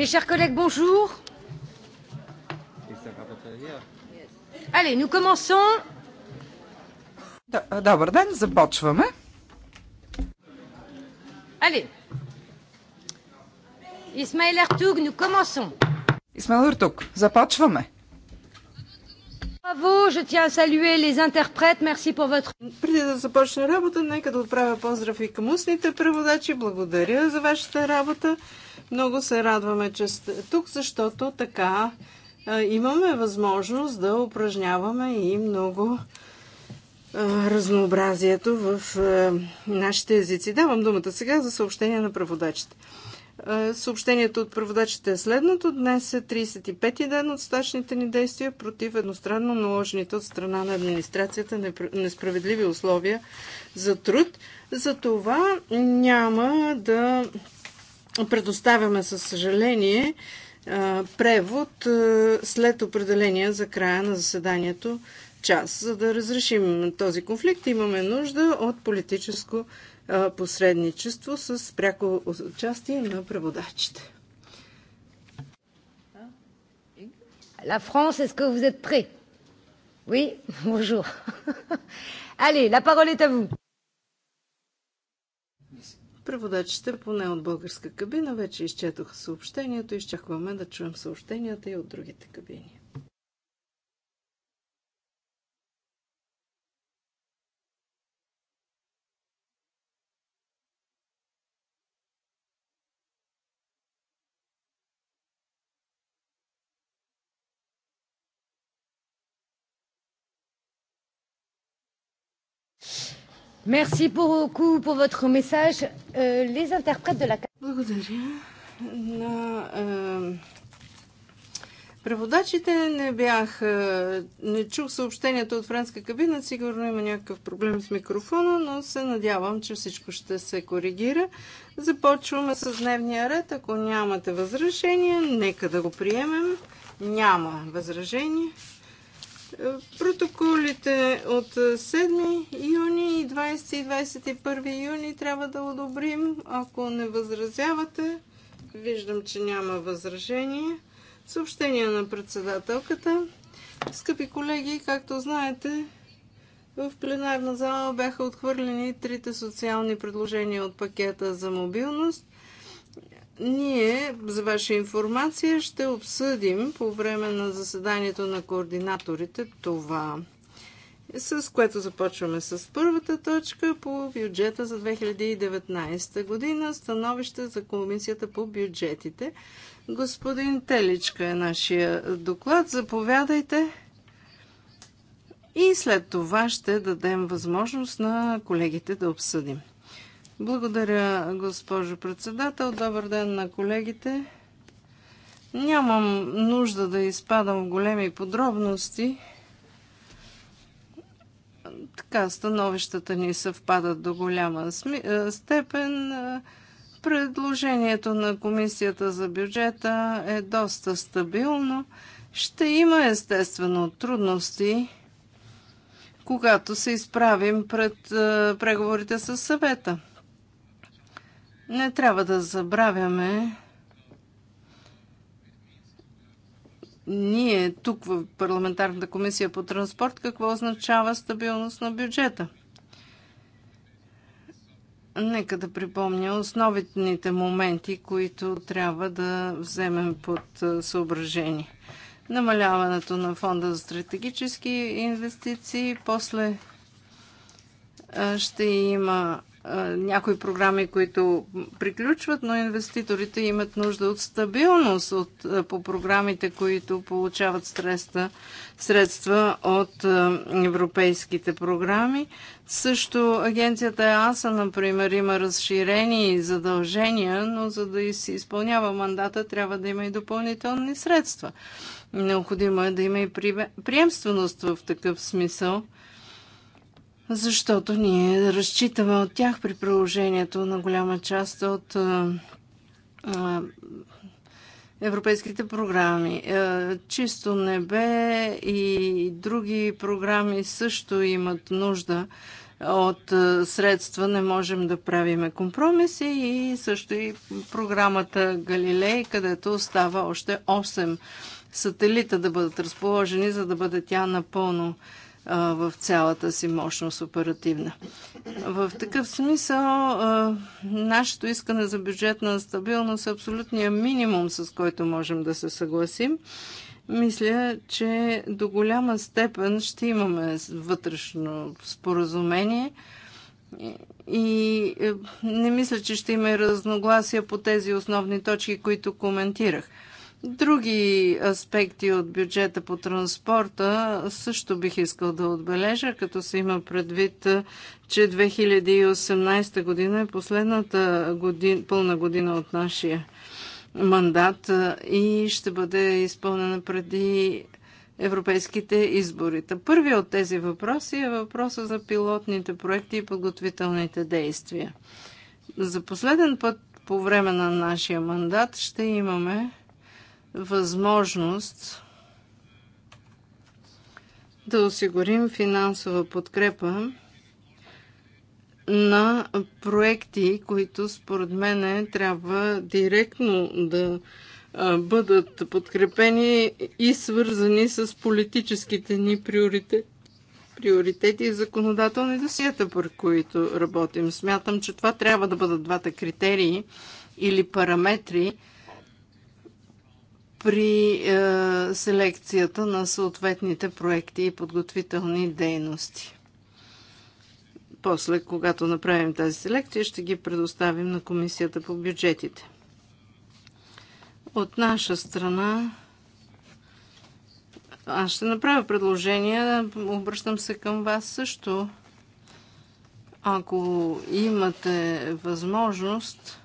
Mes chers collègues, bonjour. Allez, nous commençons. Allez. Ismaël Ertug, nous commençons. Исмаил Артуг, започваме. Bravo, je tiens à saluer les interprètes, merci pour votre... Преди да започне работа, нека да отправя поздрав и към устните преводачи. Благодаря за вашата работа. Много се радваме, че сте тук, защото така имаме възможност да упражняваме и много разнообразието в нашите езици. Давам думата сега за съобщение на преводачите. Съобщението от преводачите е следното. Днес е 35-ти ден от стачните ни действия против едностранно наложените от страна на администрацията несправедливи условия за труд. За това няма да предоставяме със съжаление превод след определения за края на заседанието час. За да разрешим този конфликт, имаме нужда от политическо посредничество с пряко участие на преводачите. La France, est-ce que vous êtes prêts Oui, bonjour. Allez, la parole est à vous. Преводачите, поне от българска кабина, вече изчетоха съобщението. Изчакваме да чуем съобщенията и от другите кабини. Merci beaucoup pour votre message. Euh, les interprètes de la... Благодаря на е, преводачите. Не бях, е, не чух съобщението от френска кабина. Сигурно има някакъв проблем с микрофона, но се надявам, че всичко ще се коригира. Започваме с дневния ред. Ако нямате възражение, нека да го приемем. Няма възражение. Протоколите от 7 юни и 20 и 21 юни трябва да одобрим. Ако не възразявате, виждам, че няма възражение. Съобщение на председателката. Скъпи колеги, както знаете, в пленарна зала бяха отхвърлени трите социални предложения от пакета за мобилност. Ние, за ваша информация, ще обсъдим по време на заседанието на координаторите това, с което започваме с първата точка по бюджета за 2019 година, становище за Комисията по бюджетите. Господин Теличка е нашия доклад. Заповядайте. И след това ще дадем възможност на колегите да обсъдим. Благодаря, госпожо председател. Добър ден на колегите. Нямам нужда да изпадам в големи подробности. Така, становищата ни съвпадат до голяма е, степен. Предложението на Комисията за бюджета е доста стабилно. Ще има естествено трудности, когато се изправим пред е, преговорите с съвета. Не трябва да забравяме, ние тук в парламентарната комисия по транспорт, какво означава стабилност на бюджета. Нека да припомня основните моменти, които трябва да вземем под съображение. Намаляването на фонда за стратегически инвестиции, после ще има някои програми, които приключват, но инвеститорите имат нужда от стабилност от, по програмите, които получават средства, средства от европейските програми. Също агенцията ЕАСА, например, има разширени задължения, но за да се изпълнява мандата, трябва да има и допълнителни средства. Необходимо е да има и приемственост в такъв смисъл – защото ние разчитаме от тях при приложението на голяма част от европейските програми. Чисто небе и други програми също имат нужда от средства. Не можем да правиме компромиси и също и програмата Галилей, където остава още 8 сателита да бъдат разположени, за да бъде тя напълно в цялата си мощност оперативна. В такъв смисъл нашето искане за бюджетна стабилност е абсолютния минимум, с който можем да се съгласим. Мисля, че до голяма степен ще имаме вътрешно споразумение и е, не мисля, че ще има разногласия по тези основни точки, които коментирах. Други аспекти от бюджета по транспорта също бих искал да отбележа, като се има предвид, че 2018 година е последната годин, пълна година от нашия мандат и ще бъде изпълнена преди европейските избори. Първият от тези въпроси е въпроса за пилотните проекти и подготвителните действия. За последен път по време на нашия мандат ще имаме възможност да осигурим финансова подкрепа на проекти, които според мен трябва директно да бъдат подкрепени и свързани с политическите ни приоритети приоритети и законодателни досията, по които работим. Смятам, че това трябва да бъдат двата критерии или параметри, при е, селекцията на съответните проекти и подготвителни дейности. После, когато направим тази селекция, ще ги предоставим на Комисията по бюджетите. От наша страна аз ще направя предложение. Обръщам се към вас също. Ако имате възможност,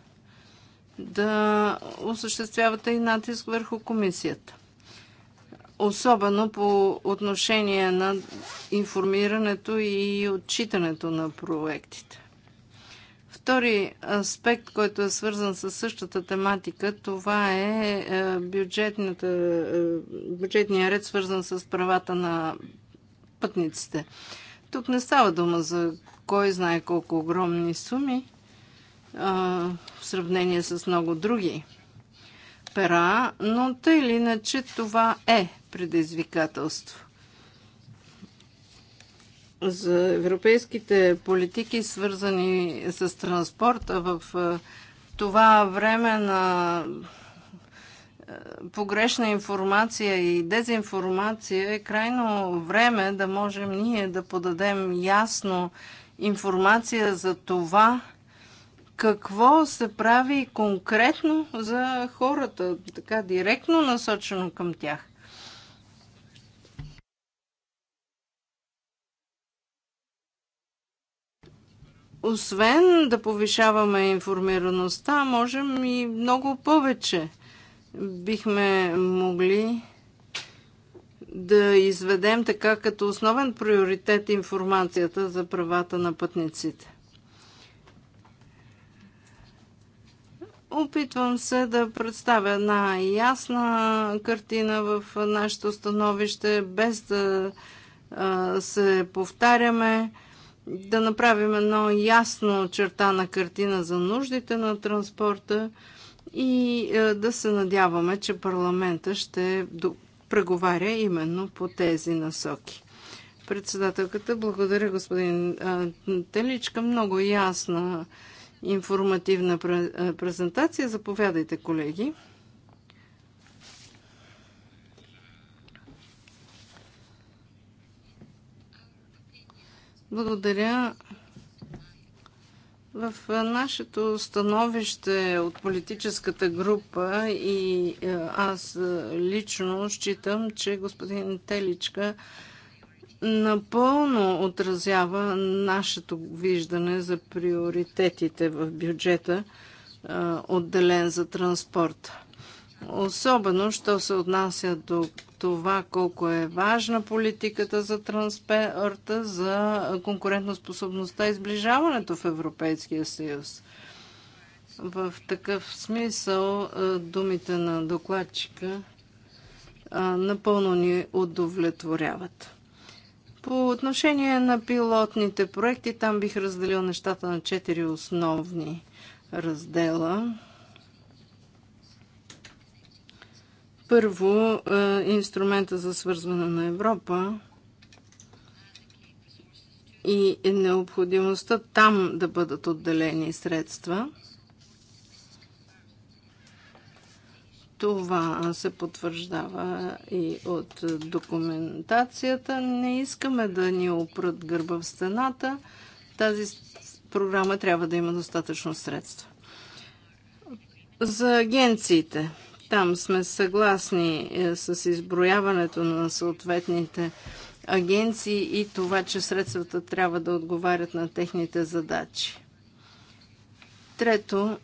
да осъществявате и натиск върху комисията. Особено по отношение на информирането и отчитането на проектите. Втори аспект, който е свързан с същата тематика, това е, е, е бюджетния ред, свързан с правата на пътниците. Тук не става дума за кой знае колко огромни суми, в сравнение с много други пера, но тъй или иначе това е предизвикателство. За европейските политики, свързани с транспорта в това време на погрешна информация и дезинформация, е крайно време да можем ние да подадем ясно информация за това, какво се прави конкретно за хората, така директно насочено към тях. Освен да повишаваме информираността, можем и много повече. Бихме могли да изведем така като основен приоритет информацията за правата на пътниците. Опитвам се да представя една ясна картина в нашето становище, без да се повтаряме, да направим едно ясно чертана картина за нуждите на транспорта и да се надяваме, че парламента ще преговаря именно по тези насоки. Председателката, благодаря господин Теличка, много ясна информативна презентация. Заповядайте, колеги. Благодаря. В нашето становище от политическата група и аз лично считам, че господин Теличка напълно отразява нашето виждане за приоритетите в бюджета, отделен за транспорт. Особено, що се отнася до това колко е важна политиката за транспорта, за конкурентоспособността и сближаването в Европейския съюз. В такъв смисъл думите на докладчика напълно ни удовлетворяват. По отношение на пилотните проекти, там бих разделил нещата на четири основни раздела. Първо, е, инструмента за свързване на Европа и е необходимостта там да бъдат отделени средства – Това се потвърждава и от документацията. Не искаме да ни опрат гърба в стената. Тази програма трябва да има достатъчно средства. За агенциите. Там сме съгласни е, с изброяването на съответните агенции и това, че средствата трябва да отговарят на техните задачи. Трето,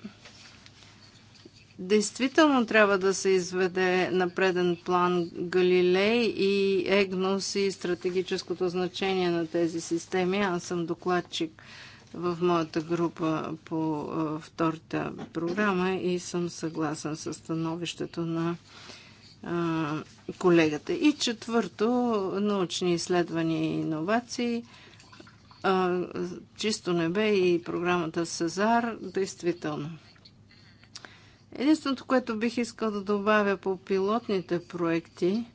Действително трябва да се изведе на преден план Галилей и Егнос и стратегическото значение на тези системи. Аз съм докладчик в моята група по втората програма и съм съгласен с становището на колегата. И четвърто, научни изследвания и иновации. Чисто небе и програмата Сезар, действително. Единственото, което бих искал да добавя по пилотните проекти,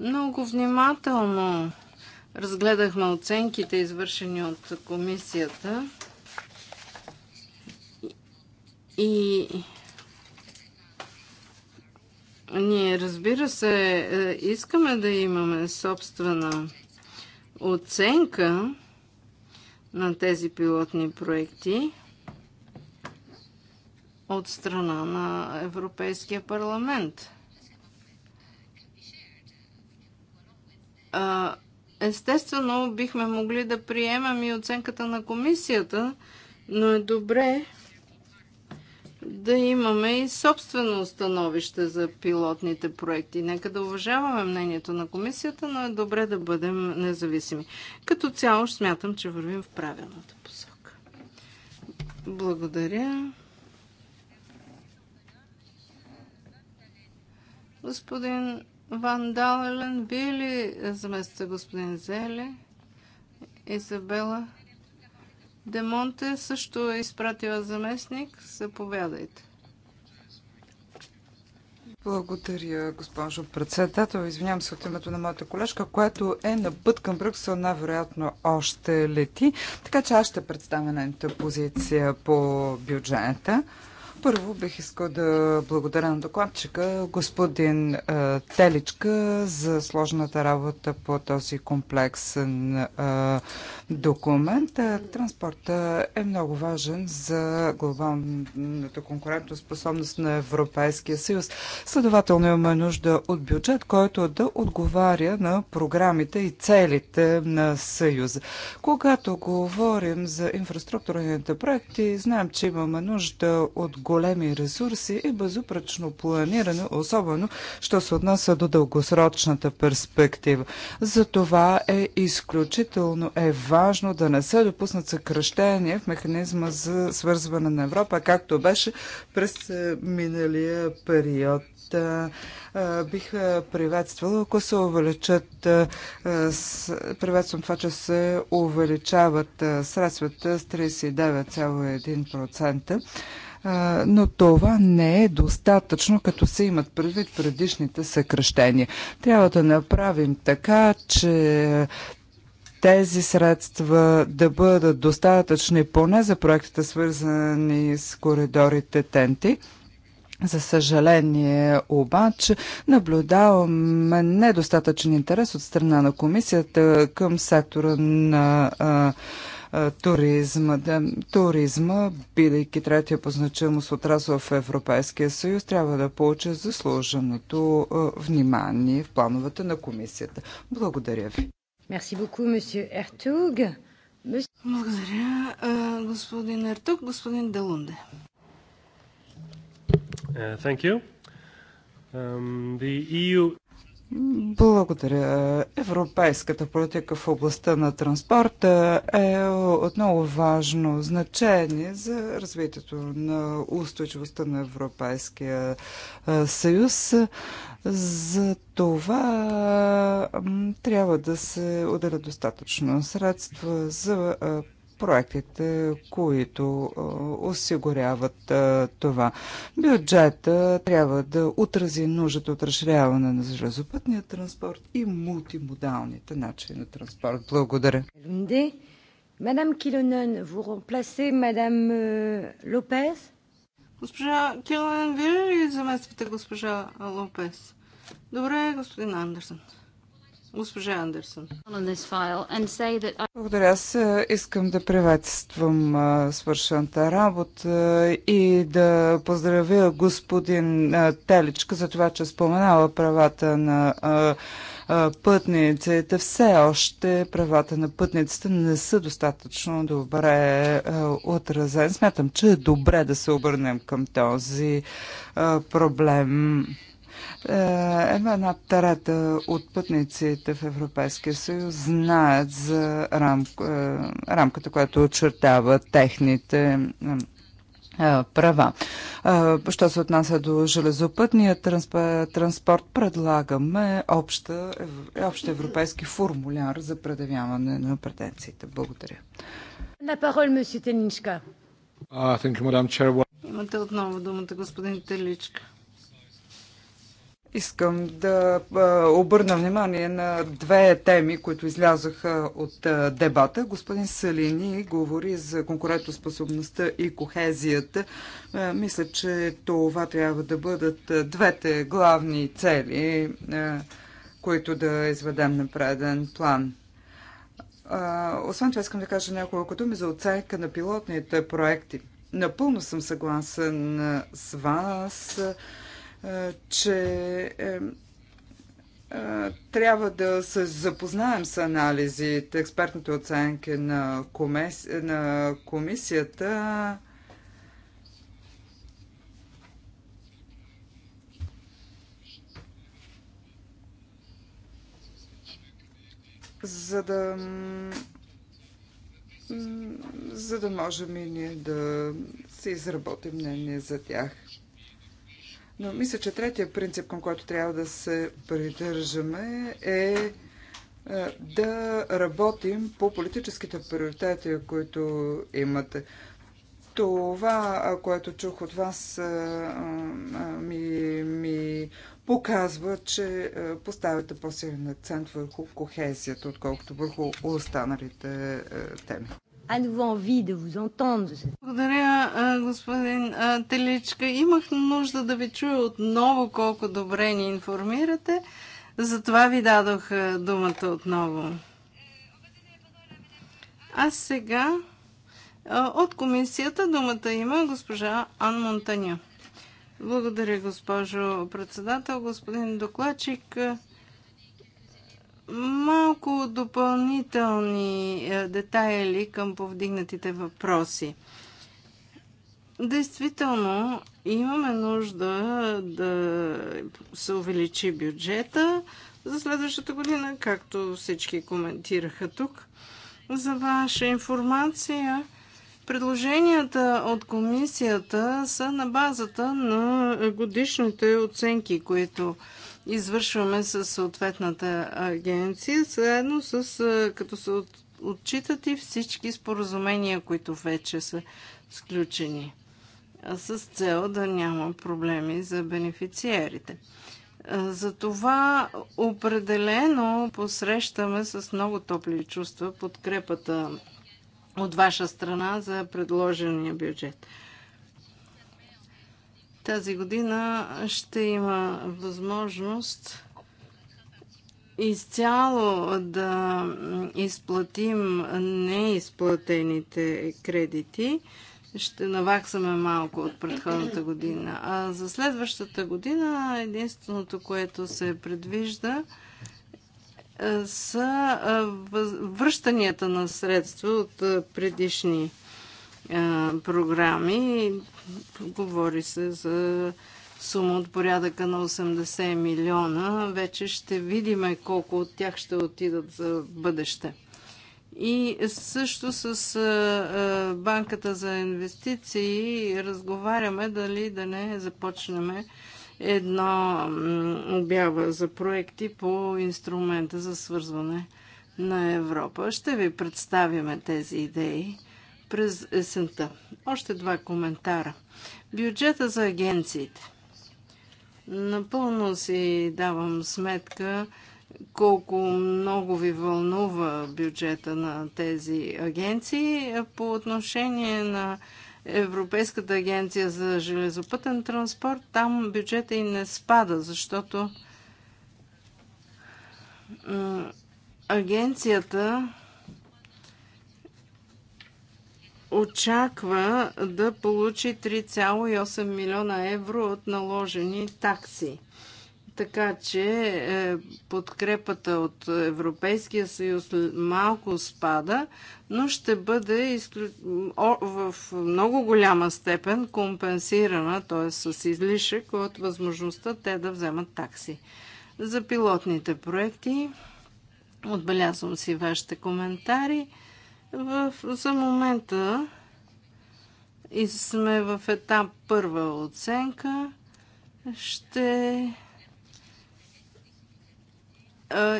много внимателно разгледахме оценките, извършени от комисията. И ние, разбира се, е, искаме да имаме собствена оценка на тези пилотни проекти от страна на Европейския парламент. Естествено, бихме могли да приемем и оценката на комисията, но е добре да имаме и собствено становище за пилотните проекти. Нека да уважаваме мнението на комисията, но е добре да бъдем независими. Като цяло смятам, че вървим в правилната посока. Благодаря. Господин Ван Далелен, вие ли заместите господин Зели? Изабела? Демонте също е изпратила заместник. Заповядайте. Благодаря, госпожо председател. Извинявам се от името на моята колежка, която е на път към Брюксел, най-вероятно още лети. Така че аз ще представя позиция по бюджета. Първо бих искал да благодаря на докладчика, господин е, Теличка, за сложната работа по този комплексен е, документ. Е, транспорта е много важен за глобалната конкурентоспособност на Европейския съюз. Следователно имаме нужда от бюджет, който да отговаря на програмите и целите на съюза. Когато говорим за инфраструктурните проекти, знаем, че имаме нужда от голям големи ресурси и безупречно планиране, особено, що се отнася до дългосрочната перспектива. За това е изключително е важно да не се допуснат съкръщения в механизма за свързване на Европа, както беше през е, миналия период бих приветствала, ако се увеличат, приветствам това, че се увеличават средствата с 39,1% но това не е достатъчно, като се имат предвид предишните съкръщения. Трябва да направим така, че тези средства да бъдат достатъчни поне за проектите, свързани с коридорите Тенти. За съжаление обаче наблюдаваме недостатъчен интерес от страна на комисията към сектора на а, е, туризма. Туризма, бидейки третия по значимост отрасъл в Европейския съюз, трябва да получи заслуженото е, внимание в плановете на комисията. Благодаря ви. Мерси beaucoup, monsieur Ertug. Благодаря, е, господин Ертук. Господин Делунде. Uh, thank you. Um, the EU благодаря. Европейската политика в областта на транспорта е от много важно значение за развитието на устойчивостта на Европейския съюз. За това трябва да се отделят достатъчно средства за проектите, които осигуряват това. Бюджета трябва да отрази нуждата от разширяване на железопътния транспорт и мултимодалните начини на транспорт. Благодаря. Мадам Килонен, ву ремпласе мадам Лопес? Госпожа Килонен, вие ли заместите госпожа Лопес? Добре, господин Андерсон. Госпожа Андерсон. Благодаря. Аз е, искам да приветствам е, свършената работа е, и да поздравя господин Теличка за това, че споменава правата на пътниците. Все още правата на пътниците не са достатъчно добре отразени. Смятам, че е добре да се обърнем към този проблем. Е, Едва една трета от пътниците в Европейския съюз знаят за е, рамката, която очертава техните е, права. Що се отнася до железопътния транспорт, предлагаме обща, общ европейски формуляр за предявяване на претенциите. Благодаря. На парол, месье Теличка. Uh, Имате отново думата, господин Теличка. Искам да обърна внимание на две теми, които излязоха от дебата. Господин Салини говори за конкурентоспособността и кохезията. Мисля, че това трябва да бъдат двете главни цели, които да изведем на преден план. Освен това, искам да кажа няколко думи за оценка на пилотните проекти. Напълно съм съгласен с вас че е, трябва да се запознаем с анализите, експертните оценки на, комес... на комисията. За да за да можем и ние да се изработим мнение за тях. Но мисля, че третия принцип, към който трябва да се придържаме е, е да работим по политическите приоритети, които имате. Това, което чух от вас, ми, ми показва, че поставяте по-силен акцент върху кохезията, отколкото върху останалите теми à nouveau envie de vous entendre. Благодаря, господин Теличка. Имах нужда да ви чуя отново колко добре ни информирате. Затова ви дадох думата отново. А сега от комисията думата има госпожа Ан Монтаня. Благодаря, госпожо председател, господин докладчик малко допълнителни е, детайли към повдигнатите въпроси. Действително, имаме нужда да се увеличи бюджета за следващата година, както всички коментираха тук. За ваша информация, предложенията от комисията са на базата на годишните оценки, които извършваме с съответната агенция, заедно с като се отчитат и всички споразумения, които вече са сключени, с цел да няма проблеми за бенефициерите. Затова определено посрещаме с много топли чувства подкрепата от ваша страна за предложения бюджет. Тази година ще има възможност изцяло да изплатим неизплатените кредити. Ще наваксаме малко от предходната година. А за следващата година единственото, което се предвижда, е, са е, връщанията на средства от е, предишни програми. Говори се за сума от порядъка на 80 милиона. Вече ще видим колко от тях ще отидат за бъдеще. И също с Банката за инвестиции разговаряме дали да не започнем една обява за проекти по инструмента за свързване на Европа. Ще ви представим тези идеи през есента. Още два коментара. Бюджета за агенциите. Напълно си давам сметка колко много ви вълнува бюджета на тези агенции. По отношение на Европейската агенция за железопътен транспорт, там бюджета и не спада, защото агенцията очаква да получи 3,8 милиона евро от наложени такси. Така че е, подкрепата от Европейския съюз малко спада, но ще бъде изклю... О, в много голяма степен компенсирана, т.е. с излишък от възможността те да вземат такси. За пилотните проекти отбелязвам си вашите коментари. В, за момента и сме в етап първа оценка. Ще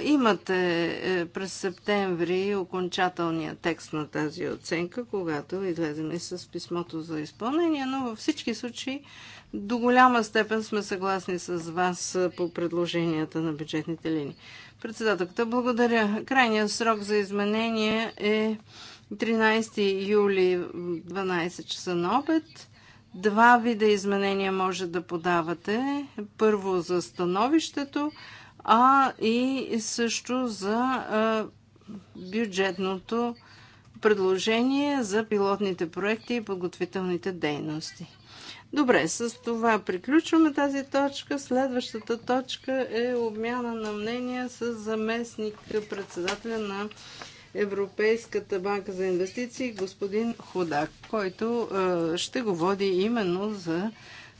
имате е, през септември окончателния текст на тази оценка, когато излезем и с писмото за изпълнение, но във всички случаи до голяма степен сме съгласни с вас е, по предложенията на бюджетните линии. Председателката, благодаря. Крайният срок за изменение е 13 юли 12 часа на обед. Два вида изменения може да подавате. Първо за становището, а и също за бюджетното предложение за пилотните проекти и подготвителните дейности. Добре, с това приключваме тази точка. Следващата точка е обмяна на мнения с заместник председателя на Европейската банка за инвестиции, господин Ходак, който ще го води именно за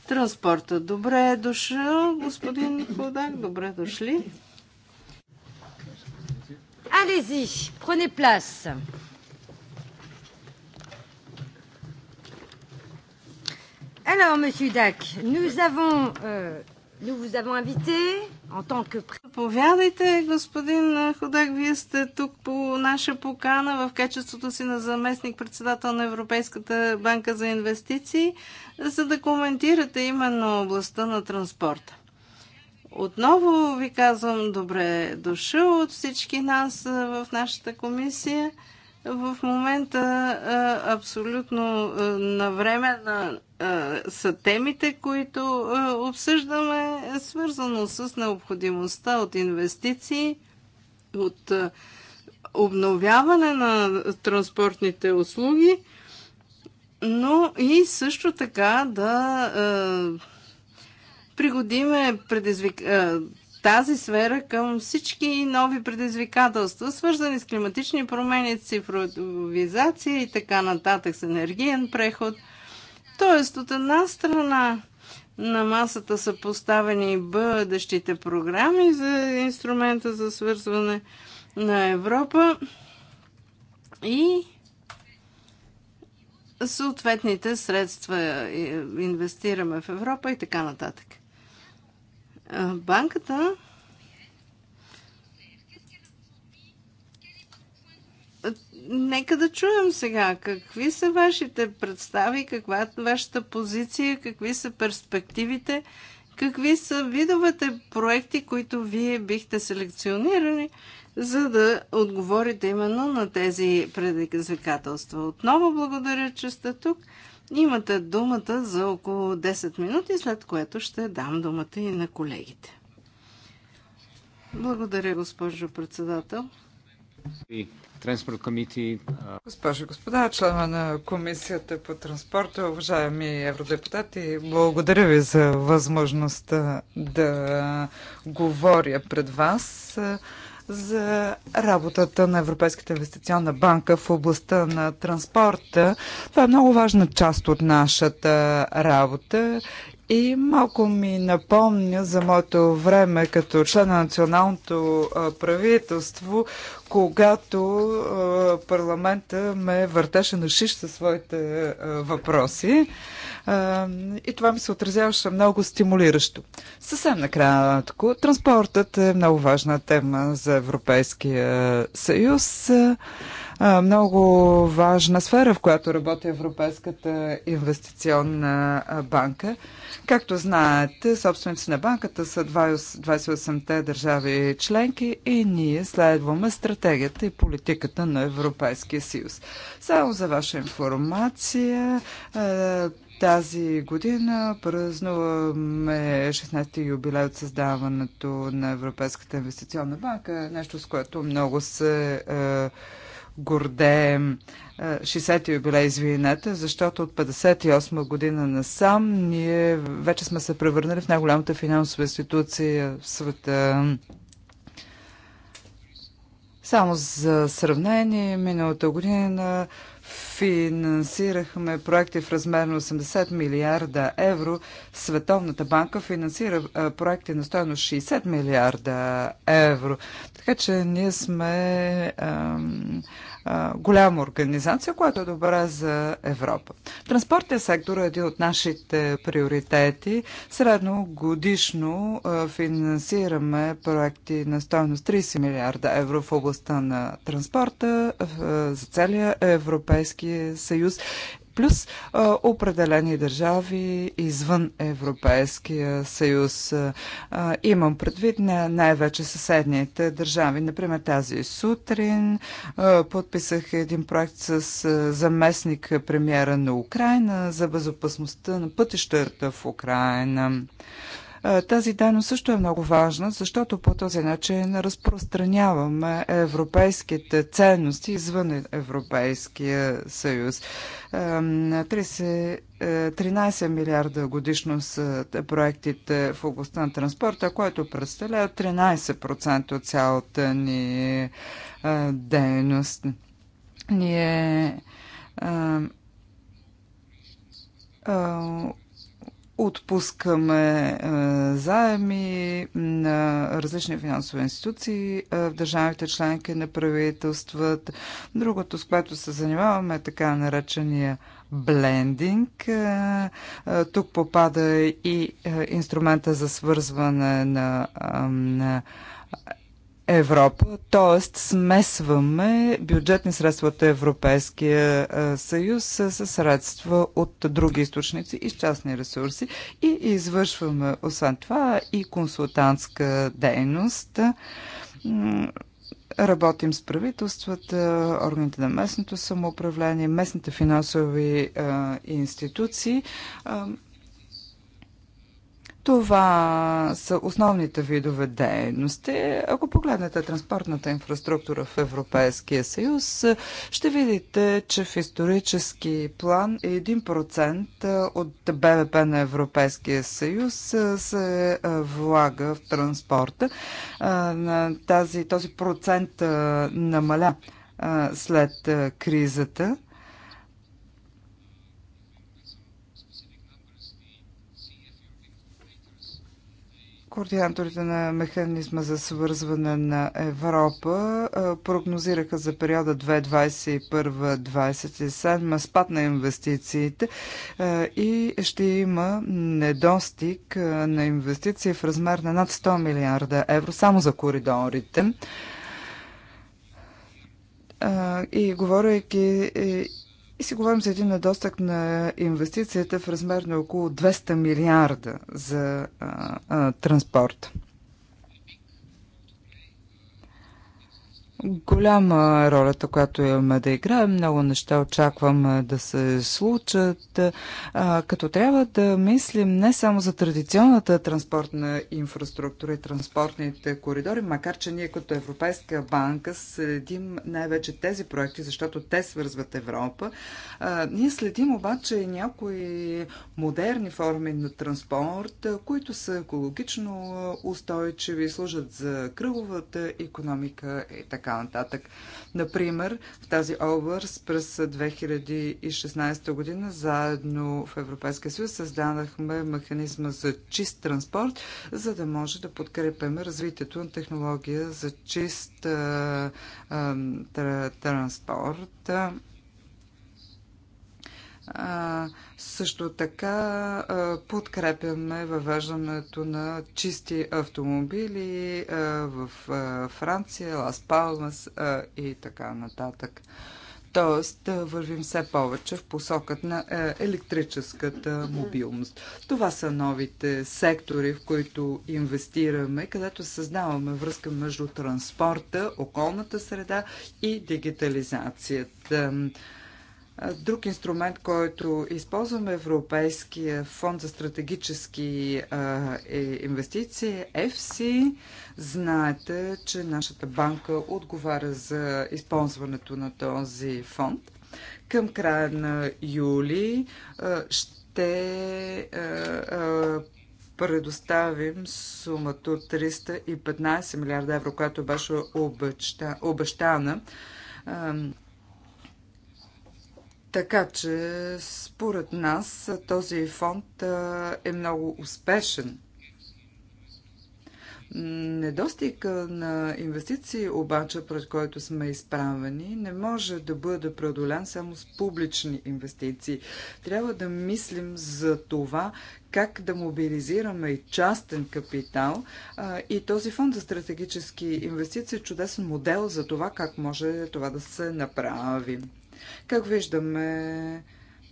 транспорта. Добре е дошъл, господин Ходак, добре дошли. Алези! y prenez Alors, Monsieur Dac, nous avons, euh, nous vous avons invité en tant que... Повядайте, господин Ходак, вие сте тук по наша покана в качеството си на заместник-председател на Европейската банка за инвестиции, за да коментирате именно областта на транспорта. Отново ви казвам добре дошъл от всички нас в нашата комисия. В момента абсолютно на време на са темите, които обсъждаме, свързано с необходимостта от инвестиции, от обновяване на транспортните услуги, но и също така да пригодиме предизвик... тази сфера към всички нови предизвикателства, свързани с климатични промени, цифровизация и така нататък, с енергиен преход – Тоест, от една страна на масата са поставени бъдещите програми за инструмента за свързване на Европа и съответните средства е, инвестираме в Европа и така нататък. Банката нека да чуем сега какви са вашите представи, каква е вашата позиция, какви са перспективите, какви са видовете проекти, които вие бихте селекционирали, за да отговорите именно на тези предизвикателства. Отново благодаря, че сте тук. Имате думата за около 10 минути, след което ще дам думата и на колегите. Благодаря, госпожо председател. Госпожи и господа, члена на Комисията по транспорта, уважаеми евродепутати, благодаря ви за възможността да говоря пред вас за работата на Европейската инвестиционна банка в областта на транспорта. Това е много важна част от нашата работа и малко ми напомня за моето време като член на националното правителство, когато парламента ме въртеше на шиш със своите въпроси. И това ми се отразяваше много стимулиращо. Съвсем накратко, транспортът е много важна тема за Европейския съюз много важна сфера, в която работи Европейската инвестиционна банка. Както знаете, собственици на банката са 28-те държави членки и ние следваме стратегията и политиката на Европейския съюз. Само за ваша информация, тази година празнуваме 16-ти юбилей от създаването на Европейската инвестиционна банка, нещо с което много се е, гордеем 60-ти юбилей, извинете, защото от 58 година насам ние вече сме се превърнали в най-голямата финансова институция в света. Само за сравнение, миналата година финансирахме проекти в размер на 80 милиарда евро. Световната банка финансира проекти на стоеност 60 милиарда евро. Така че ние сме ам, голяма организация, която е добра за Европа. Транспортният сектор е един от нашите приоритети. Средно годишно финансираме проекти на стоеност 30 милиарда евро в областта на транспорта за целия Европейския съюз плюс а, определени държави извън Европейския съюз. А, имам предвид на най-вече съседните държави. Например, тази сутрин а, подписах един проект с а, заместник премьера на Украина за безопасността на пътищата в Украина. Тази дейност също е много важна, защото по този начин разпространяваме европейските ценности извън Европейския съюз. 13 милиарда годишно са проектите в областта на транспорта, което представлява 13% от цялата ни дейност. Ние Отпускаме е, заеми на различни финансови институции е, в държавите членки на правителствата. Другото, с което се занимаваме, е така наречения блендинг. Е, тук попада и инструмента за свързване на, на Европа, т.е. смесваме бюджетни средства от Европейския съюз с средства от други източници и с частни ресурси и извършваме освен това и консултантска дейност. Работим с правителствата, органите на местното самоуправление, местните финансови а, институции. А, това са основните видове дейности. Ако погледнете транспортната инфраструктура в Европейския съюз, ще видите, че в исторически план 1% от БВП на Европейския съюз се влага в транспорта. Тази, този процент намаля след кризата Координаторите на механизма за свързване на Европа прогнозираха за периода 2021-2027 спад на инвестициите и ще има недостиг на инвестиции в размер на над 100 милиарда евро само за коридорите. И говорейки и си говорим за един недостъг на инвестицията в размер на около 200 милиарда за а, а, транспорт. Голяма ролята, която имаме да играем, много неща очаквам да се случат, като трябва да мислим не само за традиционната транспортна инфраструктура и транспортните коридори, макар че ние като Европейска банка следим най-вече тези проекти, защото те свързват Европа. Ние следим обаче някои модерни форми на транспорт, които са екологично устойчиви, служат за кръговата економика и така така нататък. Например, в тази област през 2016 година заедно в Европейския съюз създадахме механизма за чист транспорт, за да може да подкрепяме развитието на технология за чист а, а, транспорт. А, също така подкрепяме въвеждането на чисти автомобили в Франция, Лас Палмас и така нататък. Тоест, вървим все повече в посоката на електрическата мобилност. Това са новите сектори, в които инвестираме, където създаваме връзка между транспорта, околната среда и дигитализацията. Друг инструмент, който използваме, Европейския фонд за стратегически а, е, инвестиции, EFSI. Знаете, че нашата банка отговаря за използването на този фонд. Към края на юли а, ще а, предоставим сумата от 315 милиарда евро, която беше обеща, обещана така че, според нас, този фонд е много успешен. Недостиг на инвестиции, обаче, пред който сме изправени, не може да бъде преодолян само с публични инвестиции. Трябва да мислим за това как да мобилизираме и частен капитал. И този фонд за стратегически инвестиции е чудесен модел за това как може това да се направи. Как виждаме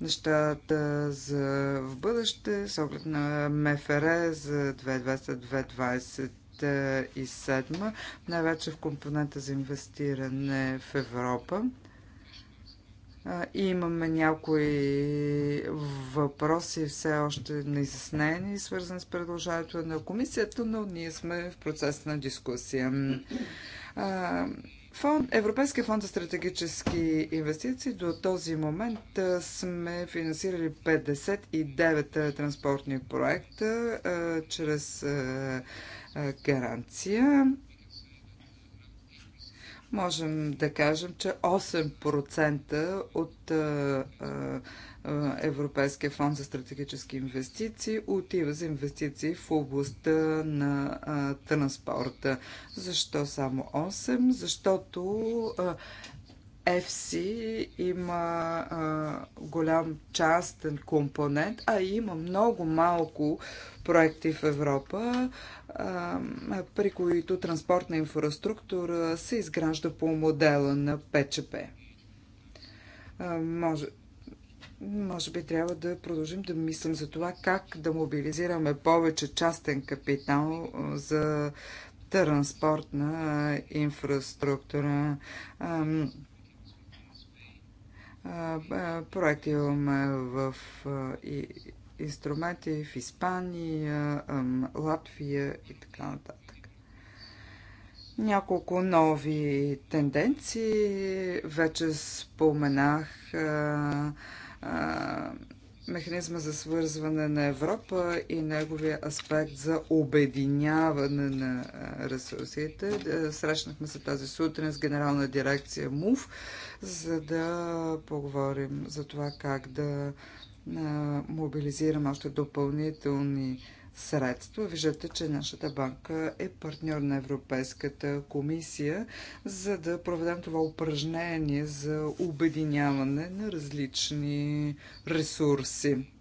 нещата за в бъдеще с оглед на МФР за 2020-2027? 2027, най вече в компонента за инвестиране в Европа. И имаме някои въпроси все още неизяснени, свързани с предложението на комисията, но ние сме в процес на дискусия. Фонд, Европейския фонд за стратегически инвестиции до този момент сме финансирали 59 транспортни проекта чрез гаранция. Можем да кажем, че 8% от а, а, е, Европейския фонд за стратегически инвестиции отива за инвестиции в областта на е, транспорта. Защо само 8? Защото е, ЕФСИ има а, голям частен компонент, а има много малко проекти в Европа, а, при които транспортна инфраструктура се изгражда по модела на ПЧП. А, може, може би трябва да продължим да мислим за това как да мобилизираме повече частен капитал за транспортна инфраструктура. Проекти имаме в инструменти в Испания, Латвия и така нататък. Няколко нови тенденции вече споменах механизма за свързване на Европа и неговия аспект за обединяване на ресурсите. Срещнахме се тази сутрин с генерална дирекция МУВ, за да поговорим за това как да мобилизираме още допълнителни средства. Виждате, че нашата банка е партньор на Европейската комисия, за да проведем това упражнение за обединяване на различни ресурси.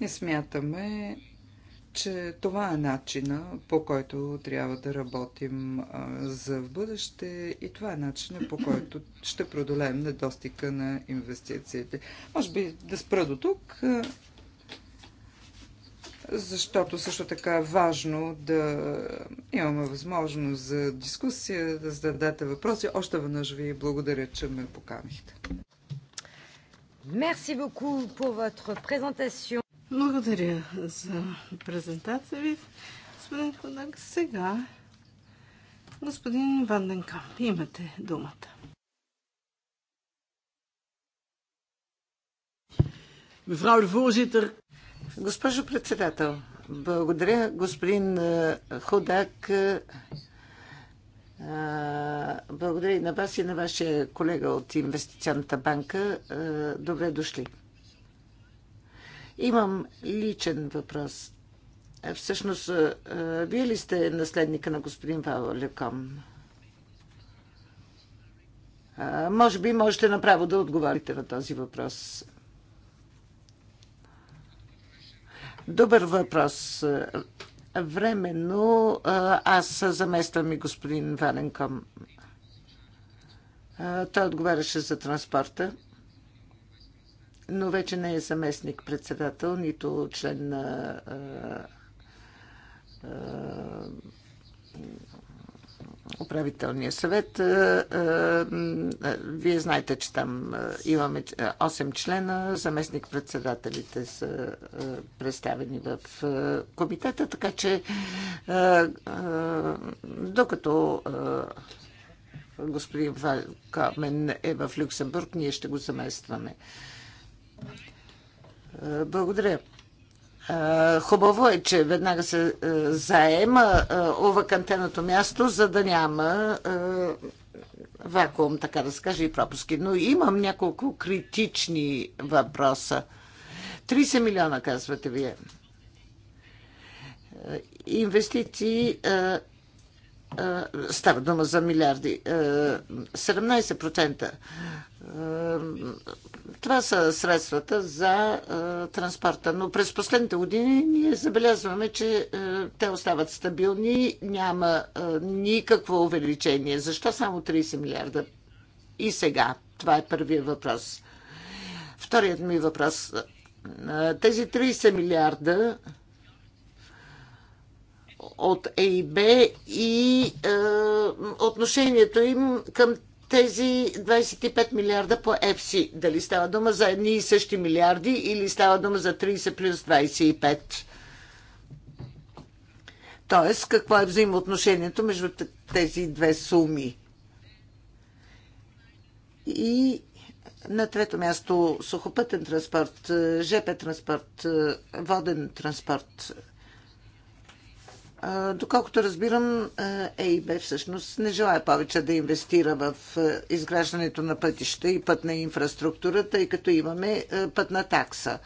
Не смятаме, че това е начина по който трябва да работим за в бъдеще и това е начина по който ще продолеем недостига на инвестициите. Може би да спра до тук, защото също така е важно да имаме възможност за дискусия, да зададете въпроси. Още веднъж ви благодаря, че ме поканихте. Merci beaucoup pour votre présentation. Благодаря за презентация ви, господин Ходак. Сега господин Ванденкамп, имате думата. Mevrouw Госпожо председател, благодаря господин Ходак. Благодаря и на вас и на вашия колега от Инвестиционната банка. Добре дошли. Имам личен въпрос. Е, всъщност, е, вие ли сте наследника на господин Павел Леком? Е, може би можете направо да отговорите на този въпрос. Добър въпрос. Временно аз замествам и господин Ваненком. Той отговаряше за транспорта но вече не е заместник председател, нито член на управителния съвет. Вие знаете, че там имаме 8 члена. Заместник-председателите са представени в комитета, така че докато господин Камен е в Люксембург, ние ще го заместваме. Благодаря. Хубаво е, че веднага се заема овакантеното място, за да няма вакуум, така да се каже, и пропуски. Но имам няколко критични въпроса. 30 милиона, казвате вие. Инвестиции става дума за милиарди. 17% това са средствата за е, транспорта. Но през последните години ние забелязваме, че е, те остават стабилни, няма е, никакво увеличение. Защо само 30 милиарда? И сега. Това е първият въпрос. Вторият ми въпрос. Тези 30 милиарда от ЕИБ и е, отношението им към тези 25 милиарда по ЕФСИ? Дали става дума за едни и същи милиарди или става дума за 30 плюс 25? Тоест, какво е взаимоотношението между тези две суми? И на трето място сухопътен транспорт, ЖП транспорт, воден транспорт. Доколкото разбирам, ЕИБ всъщност не желая повече да инвестира в изграждането на пътища и пътна инфраструктура, тъй като имаме пътна такса.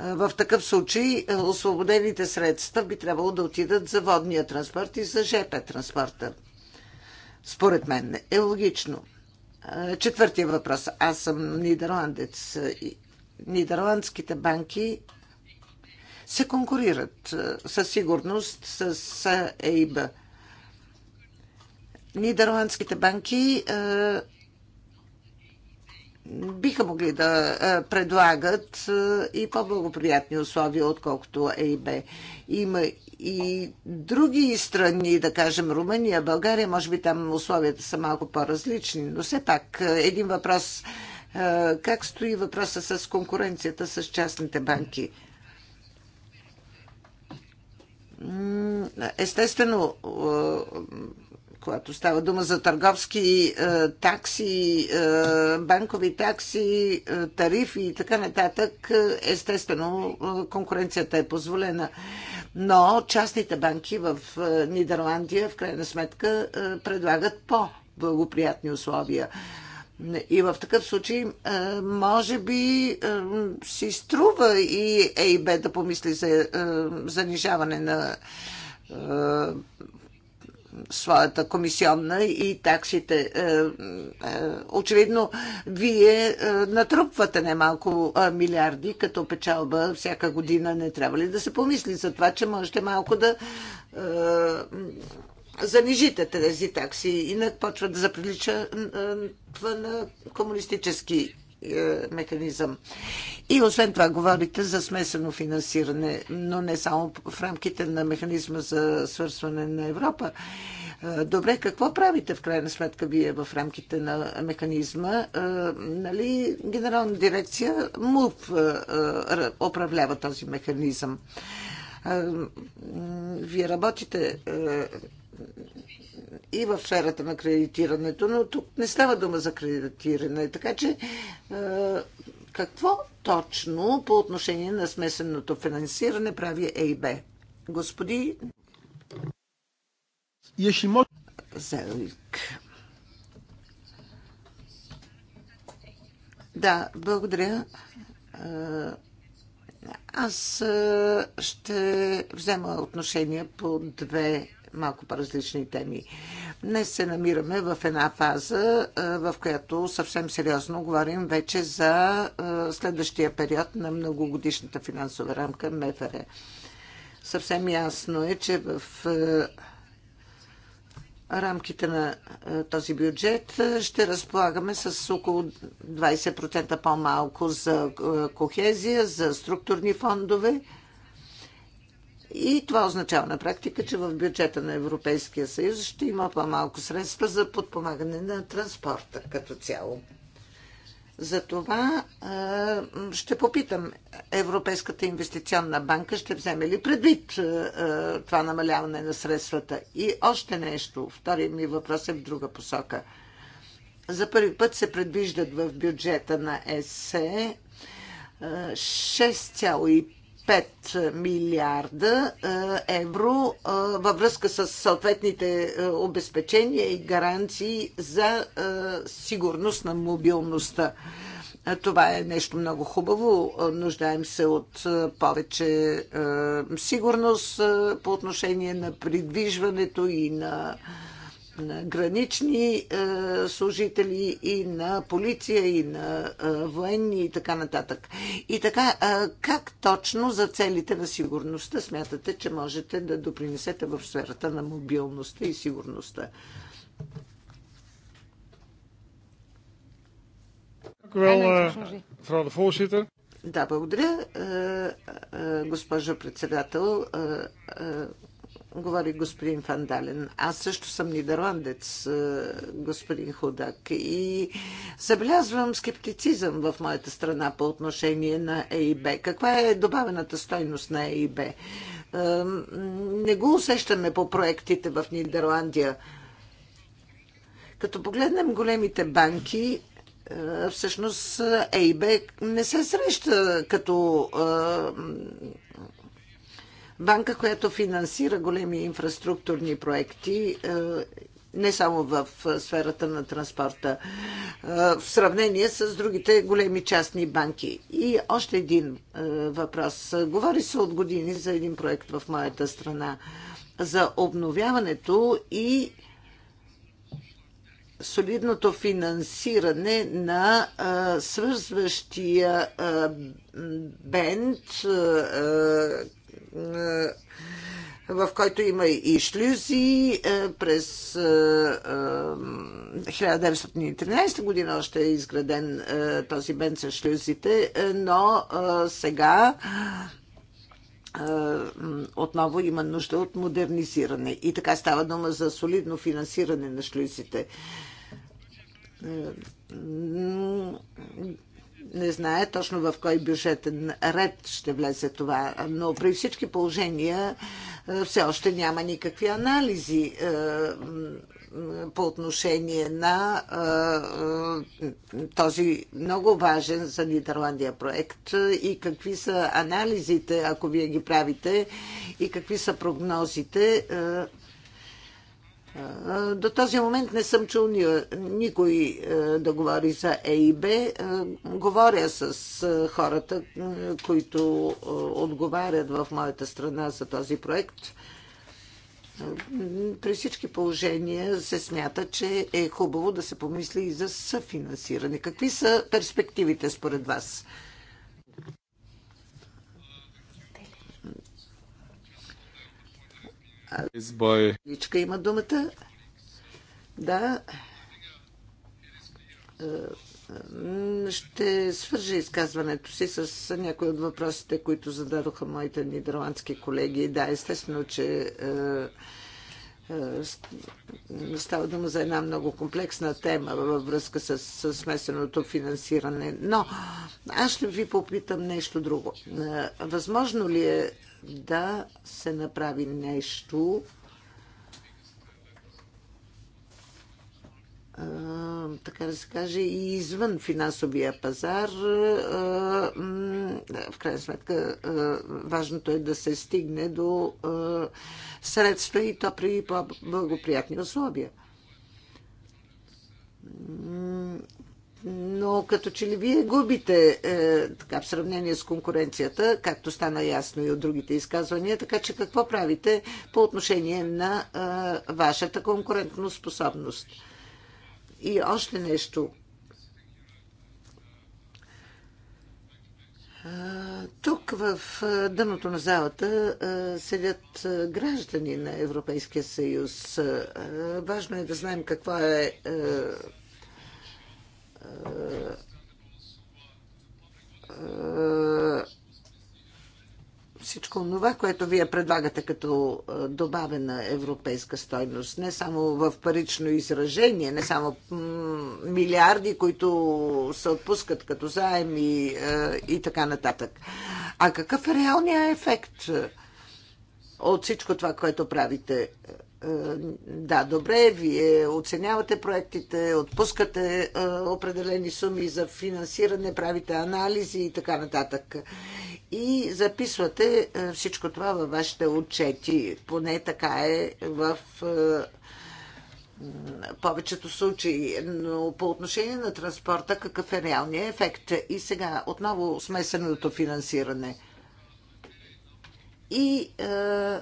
В такъв случай освободените средства би трябвало да отидат за водния транспорт и за ЖП транспорта. Според мен е логично. Четвъртия въпрос. Аз съм нидерландец. Нидерландските банки се конкурират е, със сигурност с е, ЕИБ. Нидерландските банки е, биха могли да предлагат и по-благоприятни условия, отколкото ЕИБ. Има и други страни, да кажем Румъния, България, може би там условията са малко по-различни, но все пак един въпрос. Как стои въпроса с конкуренцията с частните банки? Естествено, е, когато става дума за търговски е, такси, е, банкови такси, тарифи и така нататък, естествено конкуренцията е позволена. Но частните банки в Нидерландия в крайна сметка предлагат по-благоприятни условия и в такъв случай, може би, си струва и ЕИБ да помисли за занижаване на своята комисионна и таксите. Очевидно, вие натрупвате немалко милиарди като печалба всяка година. Не трябва ли да се помисли за това, че можете малко да занижите тези такси. Инак почва да заприлича на комунистически е, механизъм. И освен това говорите за смесено финансиране, но не само в рамките на механизма за свързване на Европа. Е, добре, какво правите в крайна сметка вие в рамките на механизма? Е, нали, генерална дирекция МУВ управлява този механизъм. Вие работите и в сферата на кредитирането, но тук не става дума за кредитиране. Така че е, какво точно по отношение на смесеното финансиране прави ЕИБ? Господи... Зелик. Да, благодаря. Е, аз е, ще взема отношение по две малко по-различни теми. Днес се намираме в една фаза, в която съвсем сериозно говорим вече за следващия период на многогодишната финансова рамка МФР. Съвсем ясно е, че в рамките на този бюджет ще разполагаме с около 20% по-малко за кохезия, за структурни фондове и това означава на практика, че в бюджета на Европейския съюз ще има по-малко средства за подпомагане на транспорта като цяло. Затова ще попитам Европейската инвестиционна банка ще вземе ли предвид това намаляване на средствата. И още нещо. Вторият ми въпрос е в друга посока. За първи път се предвиждат в бюджета на ЕСЕ 6,5 5 милиарда е, евро е, във връзка с съответните е, обезпечения и гаранции за сигурност на мобилността. Това е нещо много хубаво. Нуждаем се от повече сигурност по отношение на придвижването и на на гранични е, служители, и на полиция, и на е, военни и така нататък. И така, е, как точно за целите на сигурността смятате, че можете да допринесете в сферата на мобилността и сигурността? Eh, да, благодаря, госпожо председател говори господин Фандален. Аз също съм нидерландец, е, господин Худак. И забелязвам скептицизъм в моята страна по отношение на ЕИБ. Каква е добавената стойност на ЕИБ? Е, не го усещаме по проектите в Нидерландия. Като погледнем големите банки, е, всъщност ЕИБ не се среща като банка, която финансира големи инфраструктурни проекти е, не само в е, сферата на транспорта, е, в сравнение с другите големи частни банки. И още един въпрос. Говори се от години за един проект в моята страна за обновяването и солидното финансиране на а, свързващия а, бенд а, е, в който има и шлюзи. Е, през 1913 е, година още е изграден този бен с шлюзите, но сега отново има нужда от модернизиране. И така става дума за солидно финансиране на шлюзите не знае точно в кой бюджетен ред ще влезе това, но при всички положения е, все още няма никакви анализи е, по отношение на е, този много важен за Нидерландия проект и какви са анализите, ако вие ги правите, и какви са прогнозите до този момент не съм чул никой е, да говори за е Б. Е, говоря с хората, които отговарят в моята страна за този проект. При всички положения се смята, че е хубаво да се помисли и за съфинансиране. Какви са перспективите според вас? Избой. Личка има думата. Да. Е, е, ще свържа изказването си с някои от въпросите, които зададоха моите нидерландски колеги. Да, естествено, че е, Става дума за една много комплексна тема във връзка с, с смесеното финансиране. Но аз ще ви попитам нещо друго. Възможно ли е да се направи нещо така да се каже, и извън финансовия пазар. В крайна сметка, важното е да се стигне до средства и то при благоприятни условия но като че ли вие губите е, така, в сравнение с конкуренцията, както стана ясно и от другите изказвания, така че какво правите по отношение на е, вашата конкурентно способност? И още нещо. Е, тук в е, дъното на залата е, седят граждани на Европейския съюз. Важно е да знаем какво е е, е, всичко това, което вие предлагате като е, добавена европейска стойност, не само в парично изражение, не само милиарди, които се отпускат като заеми и така нататък. А какъв е реалният ефект от всичко това, което правите? Е, да, добре, вие оценявате проектите, отпускате е, определени суми за финансиране, правите анализи и така нататък. И записвате е, всичко това във вашите отчети. Поне така е в повечето случаи. Но по отношение на транспорта, какъв е реалният ефект? И сега отново смесеното финансиране. И е,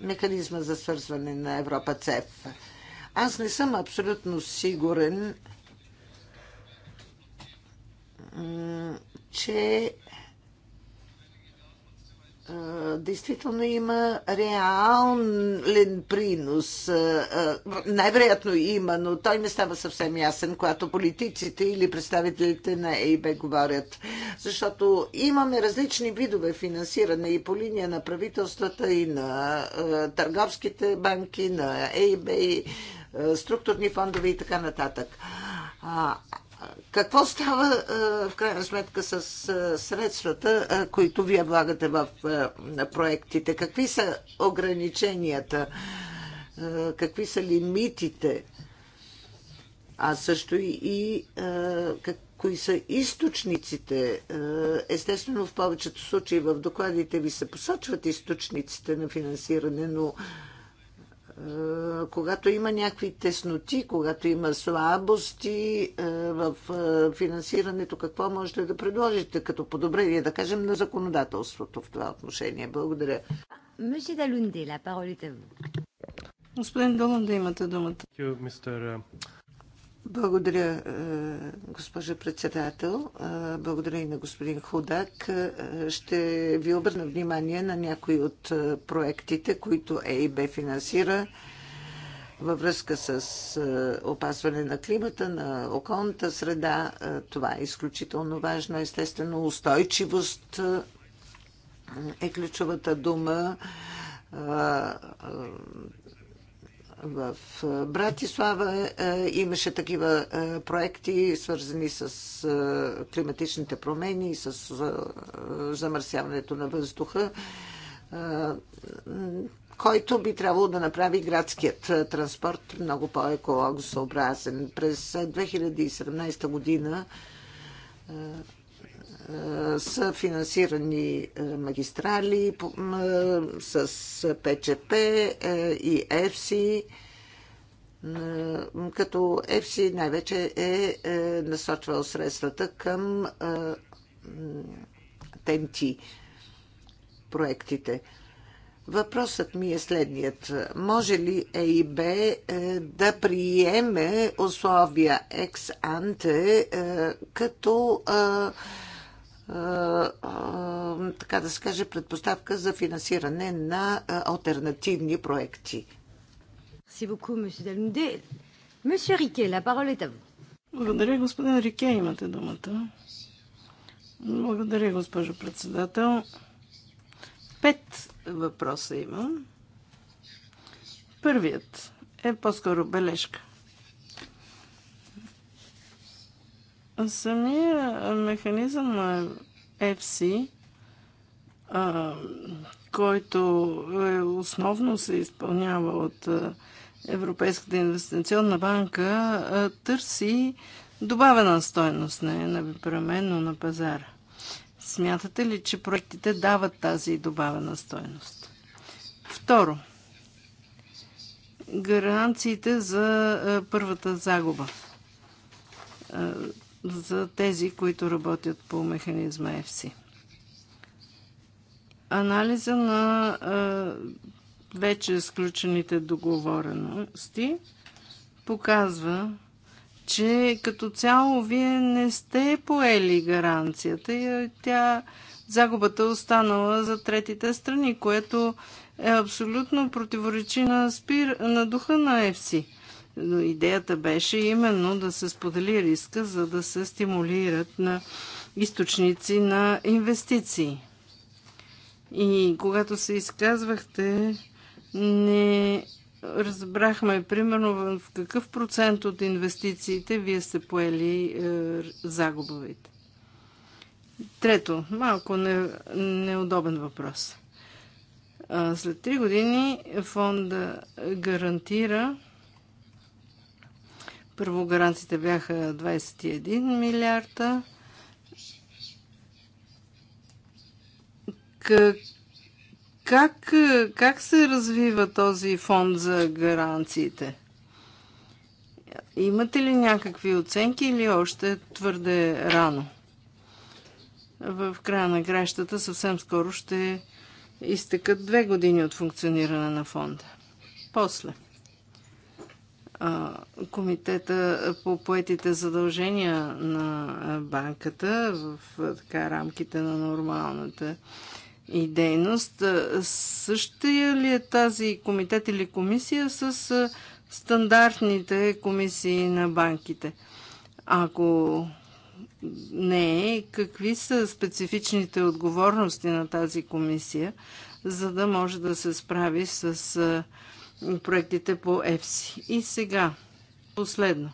механизма за свързване на Европа ЦЕФ. Аз не съм абсолютно сигурен, че действително има реален принос. Най-вероятно има, но той не става съвсем ясен, когато политиците или представителите на ЕИБ говорят. Защото имаме различни видове финансиране и по линия на правителствата, и на търговските банки, на ЕИБ, структурни фондове и така нататък какво става в крайна сметка с средствата, които вие влагате в проектите? Какви са ограниченията? Какви са лимитите? А също и как, кои са източниците? Естествено, в повечето случаи в докладите ви се посочват източниците на финансиране, но е, когато има някакви тесноти, когато има слабости е, в е, финансирането, какво можете да предложите като подобрение, да кажем, на законодателството в това отношение? Благодаря. Мъжи Далунди, ла паролите Господин Далунди, имате думата. Благодаря, е, госпожа председател. Е, благодаря и на господин Худак. Е, ще ви обърна внимание на някои от проектите, които ЕИБ финансира във връзка с опазване на климата, на околната среда. Това е изключително важно. Естествено, устойчивост е ключовата дума в Братислава имаше такива проекти, свързани с климатичните промени и с замърсяването на въздуха, който би трябвало да направи градският транспорт много по-екологосъобразен. През 2017 година са финансирани е, магистрали е, с ПЧП е, и ЕФСИ, като ЕФСИ най-вече е насочвал средствата към ТНТ проектите. Въпросът ми е следният. Може ли ЕИБ да приеме условия екс-анте като така да се каже, предпоставка за финансиране на альтернативни проекти. Благодаря, господин Рике, имате думата. Благодаря, госпожо председател. Пет въпроса имам. Първият е по-скоро бележка. Самия механизъм на FC, който е основно се изпълнява от Европейската инвестиционна банка, търси добавена стойност, не непременно на пазара. Смятате ли, че проектите дават тази добавена стойност? Второ, гаранциите за първата загуба за тези, които работят по механизма FC. Анализа на вече сключените договорености показва, че като цяло вие не сте поели гаранцията и тя загубата е останала за третите страни, което е абсолютно противоречи на, спир, на духа на ЕФСИ. Но идеята беше именно да се сподели риска, за да се стимулират на източници на инвестиции. И когато се изказвахте, не разбрахме примерно в какъв процент от инвестициите вие сте поели е, загубовите. Трето, малко не, неудобен въпрос. След три години фонда гарантира първо гаранциите бяха 21 милиарда. Как, как, как се развива този фонд за гаранциите? Имате ли някакви оценки или още твърде рано? В края на гращата съвсем скоро ще изтекат две години от функциониране на фонда. После комитета по поетите задължения на банката в така, рамките на нормалната и дейност. Същия ли е тази комитет или комисия с стандартните комисии на банките? Ако не, е, какви са специфичните отговорности на тази комисия, за да може да се справи с проектите по ЕФСИ. И сега, последно.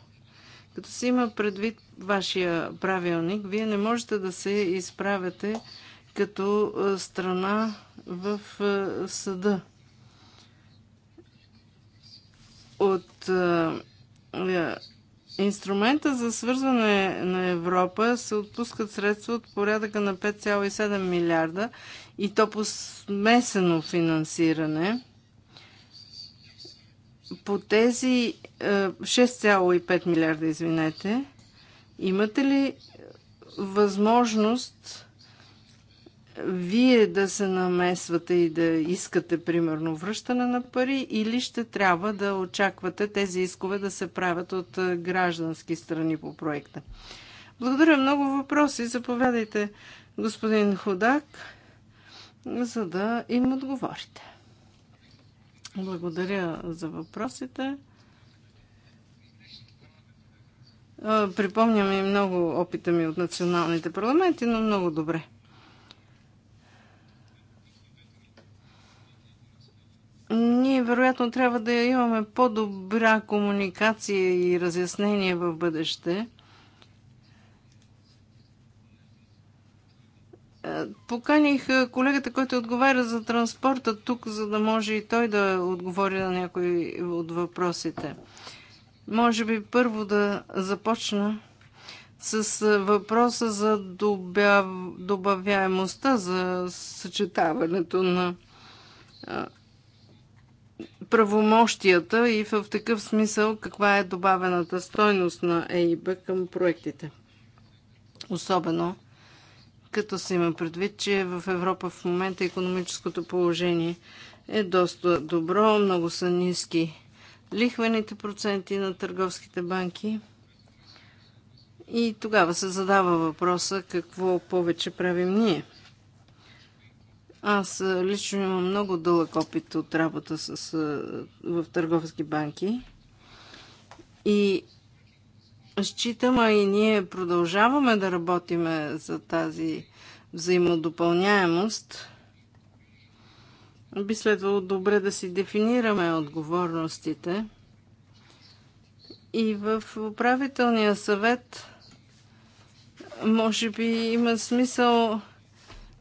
Като се има предвид вашия правилник, вие не можете да се изправяте като страна в съда. От е, инструмента за свързване на Европа се отпускат средства от порядъка на 5,7 милиарда и то по смесено финансиране – по тези 6,5 е, милиарда, извинете, имате ли е, възможност вие да се намесвате и да искате, примерно, връщане на пари или ще трябва да очаквате тези искове да се правят от е, граждански страни по проекта? Благодаря много въпроси. Заповядайте, господин Ходак, за да им отговорите. Благодаря за въпросите. Припомням и много опита ми от националните парламенти, но много добре. Ние вероятно трябва да имаме по-добра комуникация и разяснение в бъдеще. Поканих колегата, който отговаря за транспорта тук, за да може и той да отговори на някои от въпросите. Може би първо да започна с въпроса за добавяемостта, за съчетаването на правомощията и в такъв смисъл каква е добавената стойност на ЕИБ към проектите. Особено като се има предвид, че в Европа в момента економическото положение е доста добро, много са ниски лихвените проценти на търговските банки. И тогава се задава въпроса какво повече правим ние. Аз лично имам много дълъг опит от работа с, в търговски банки. И Считам, а и ние продължаваме да работиме за тази взаимодопълняемост. Би следвало добре да си дефинираме отговорностите. И в управителния съвет може би има смисъл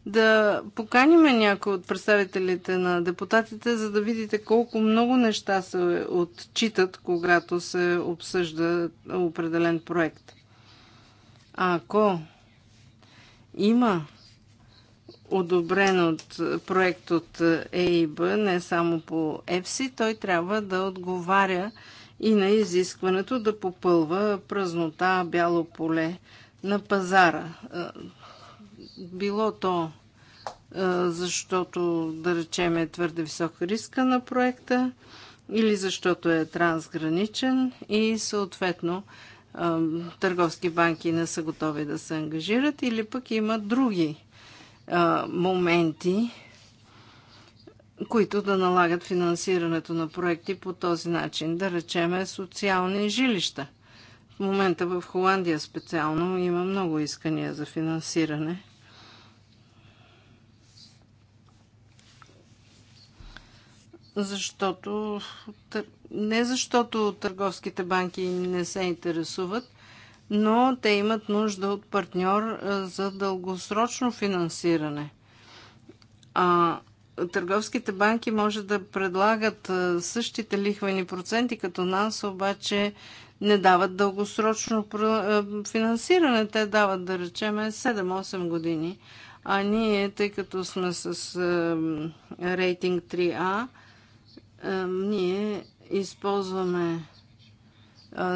да поканиме някои от представителите на депутатите, за да видите колко много неща се отчитат, когато се обсъжда определен проект. Ако има одобрен от проект от ЕИБ, не само по ЕФСИ, той трябва да отговаря и на изискването да попълва празнота, бяло поле на пазара. Е, било то защото, да речем, е твърде висок риска на проекта или защото е трансграничен и съответно търговски банки не са готови да се ангажират или пък има други моменти, които да налагат финансирането на проекти по този начин. Да речем е социални жилища. В момента в Холандия специално има много искания за финансиране. защото не защото търговските банки не се интересуват, но те имат нужда от партньор за дългосрочно финансиране. А търговските банки може да предлагат същите лихвени проценти като нас, обаче не дават дългосрочно финансиране. Те дават, да речем, 7-8 години. А ние, тъй като сме с рейтинг 3А, ние използваме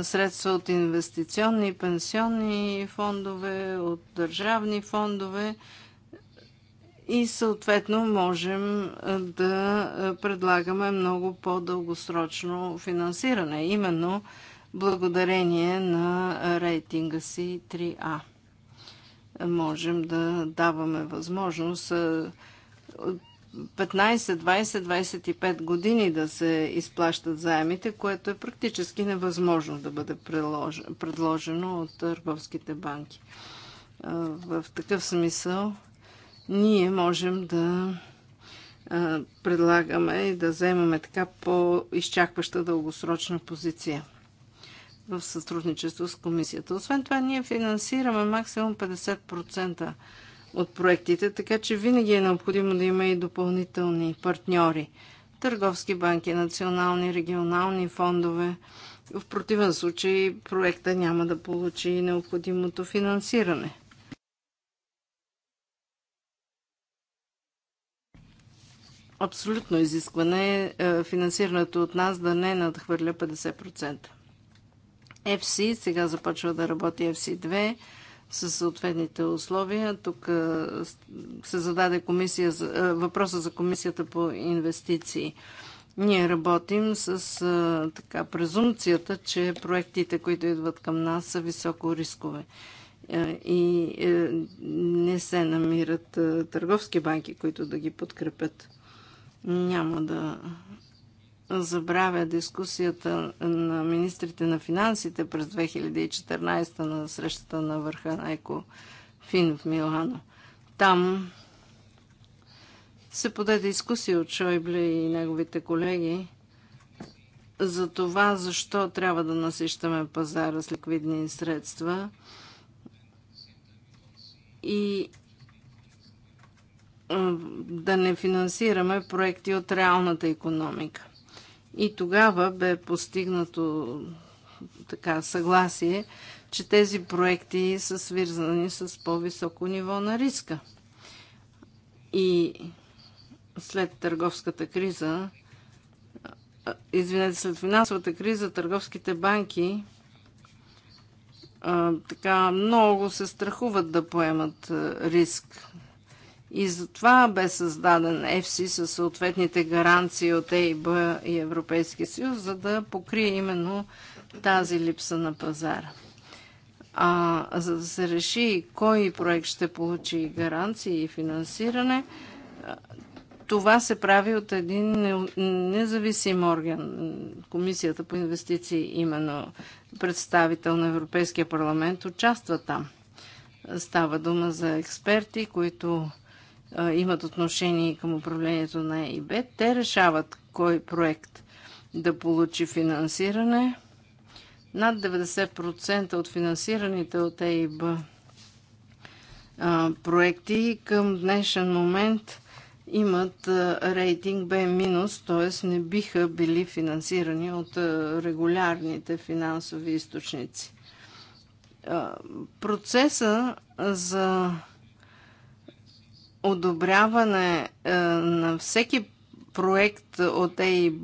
средства от инвестиционни, пенсионни фондове, от държавни фондове и съответно можем да предлагаме много по-дългосрочно финансиране, именно благодарение на рейтинга си 3А. Можем да даваме възможност 15, 20, 25 години да се изплащат заемите, което е практически невъзможно да бъде предложено от търговските банки. В такъв смисъл ние можем да предлагаме и да вземаме така по-изчакваща дългосрочна позиция в сътрудничество с комисията. Освен това, ние финансираме максимум 50% от проектите, така че винаги е необходимо да има и допълнителни партньори. Търговски банки, национални, регионални фондове. В противен случай проекта няма да получи необходимото финансиране. Абсолютно изискване е, е финансирането от нас да не надхвърля 50%. FC сега започва да работи FC2 със съответните условия. Тук се зададе комисия, въпроса за комисията по инвестиции. Ние работим с така, презумцията, че проектите, които идват към нас, са високо рискове и е, не се намират търговски банки, които да ги подкрепят. Няма да забравя дискусията на министрите на финансите през 2014 на срещата на върха на Еко Фин в Милано. Там се поде дискусия от Шойбле и неговите колеги за това, защо трябва да насищаме пазара с ликвидни средства и да не финансираме проекти от реалната економика. И тогава бе постигнато така съгласие, че тези проекти са свързани с по-високо ниво на риска. И след търговската криза, извинете, след финансовата криза, търговските банки а, така много се страхуват да поемат риск и затова бе създаден ЕФСИ със съответните гаранции от ЕИБ и Европейския съюз, за да покрие именно тази липса на пазара. А за да се реши кой проект ще получи гаранции и финансиране, това се прави от един независим орган, Комисията по инвестиции, именно представител на Европейския парламент, участва там. Става дума за експерти, които имат отношение към управлението на ЕИБ, те решават кой проект да получи финансиране. Над 90% от финансираните от ЕИБ проекти към днешен момент имат рейтинг B-, т.е. не биха били финансирани от регулярните финансови източници. Процеса за одобряване е, на всеки проект от ЕИБ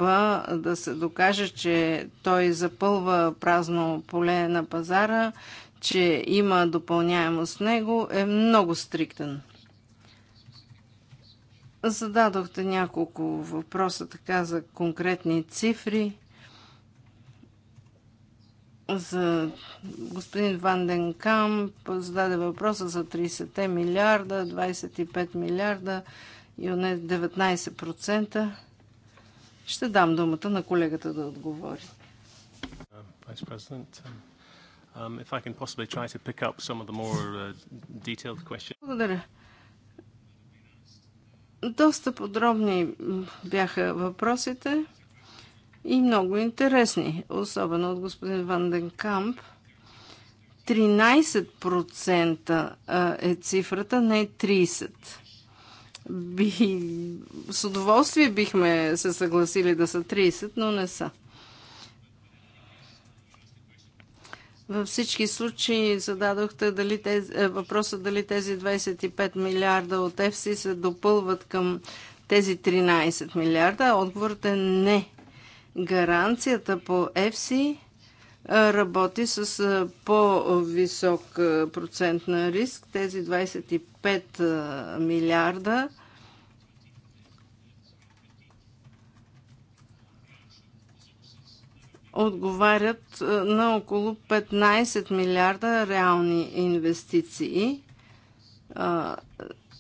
да се докаже, че той запълва празно поле на пазара, че има допълняемост с него, е много стриктен. Зададохте няколко въпроса така за конкретни цифри за господин Ванден Денкам зададе въпроса за 30 милиарда, 25 милиарда и не 19%. Ще дам думата на колегата да отговори. Um, um, uh, Благодаря. Доста подробни бяха въпросите и много интересни, особено от господин Ванденкамп. 13% е цифрата, не 30%. Би... С удоволствие бихме се съгласили да са 30, но не са. Във всички случаи зададохте дали тези, е, въпроса дали тези 25 милиарда от ЕФСИ се допълват към тези 13 милиарда. Отговорът е не. Гаранцията по ЕФСИ е, работи с е, по-висок е, процент на риск. Тези 25 милиарда отговарят на около 15 милиарда реални инвестиции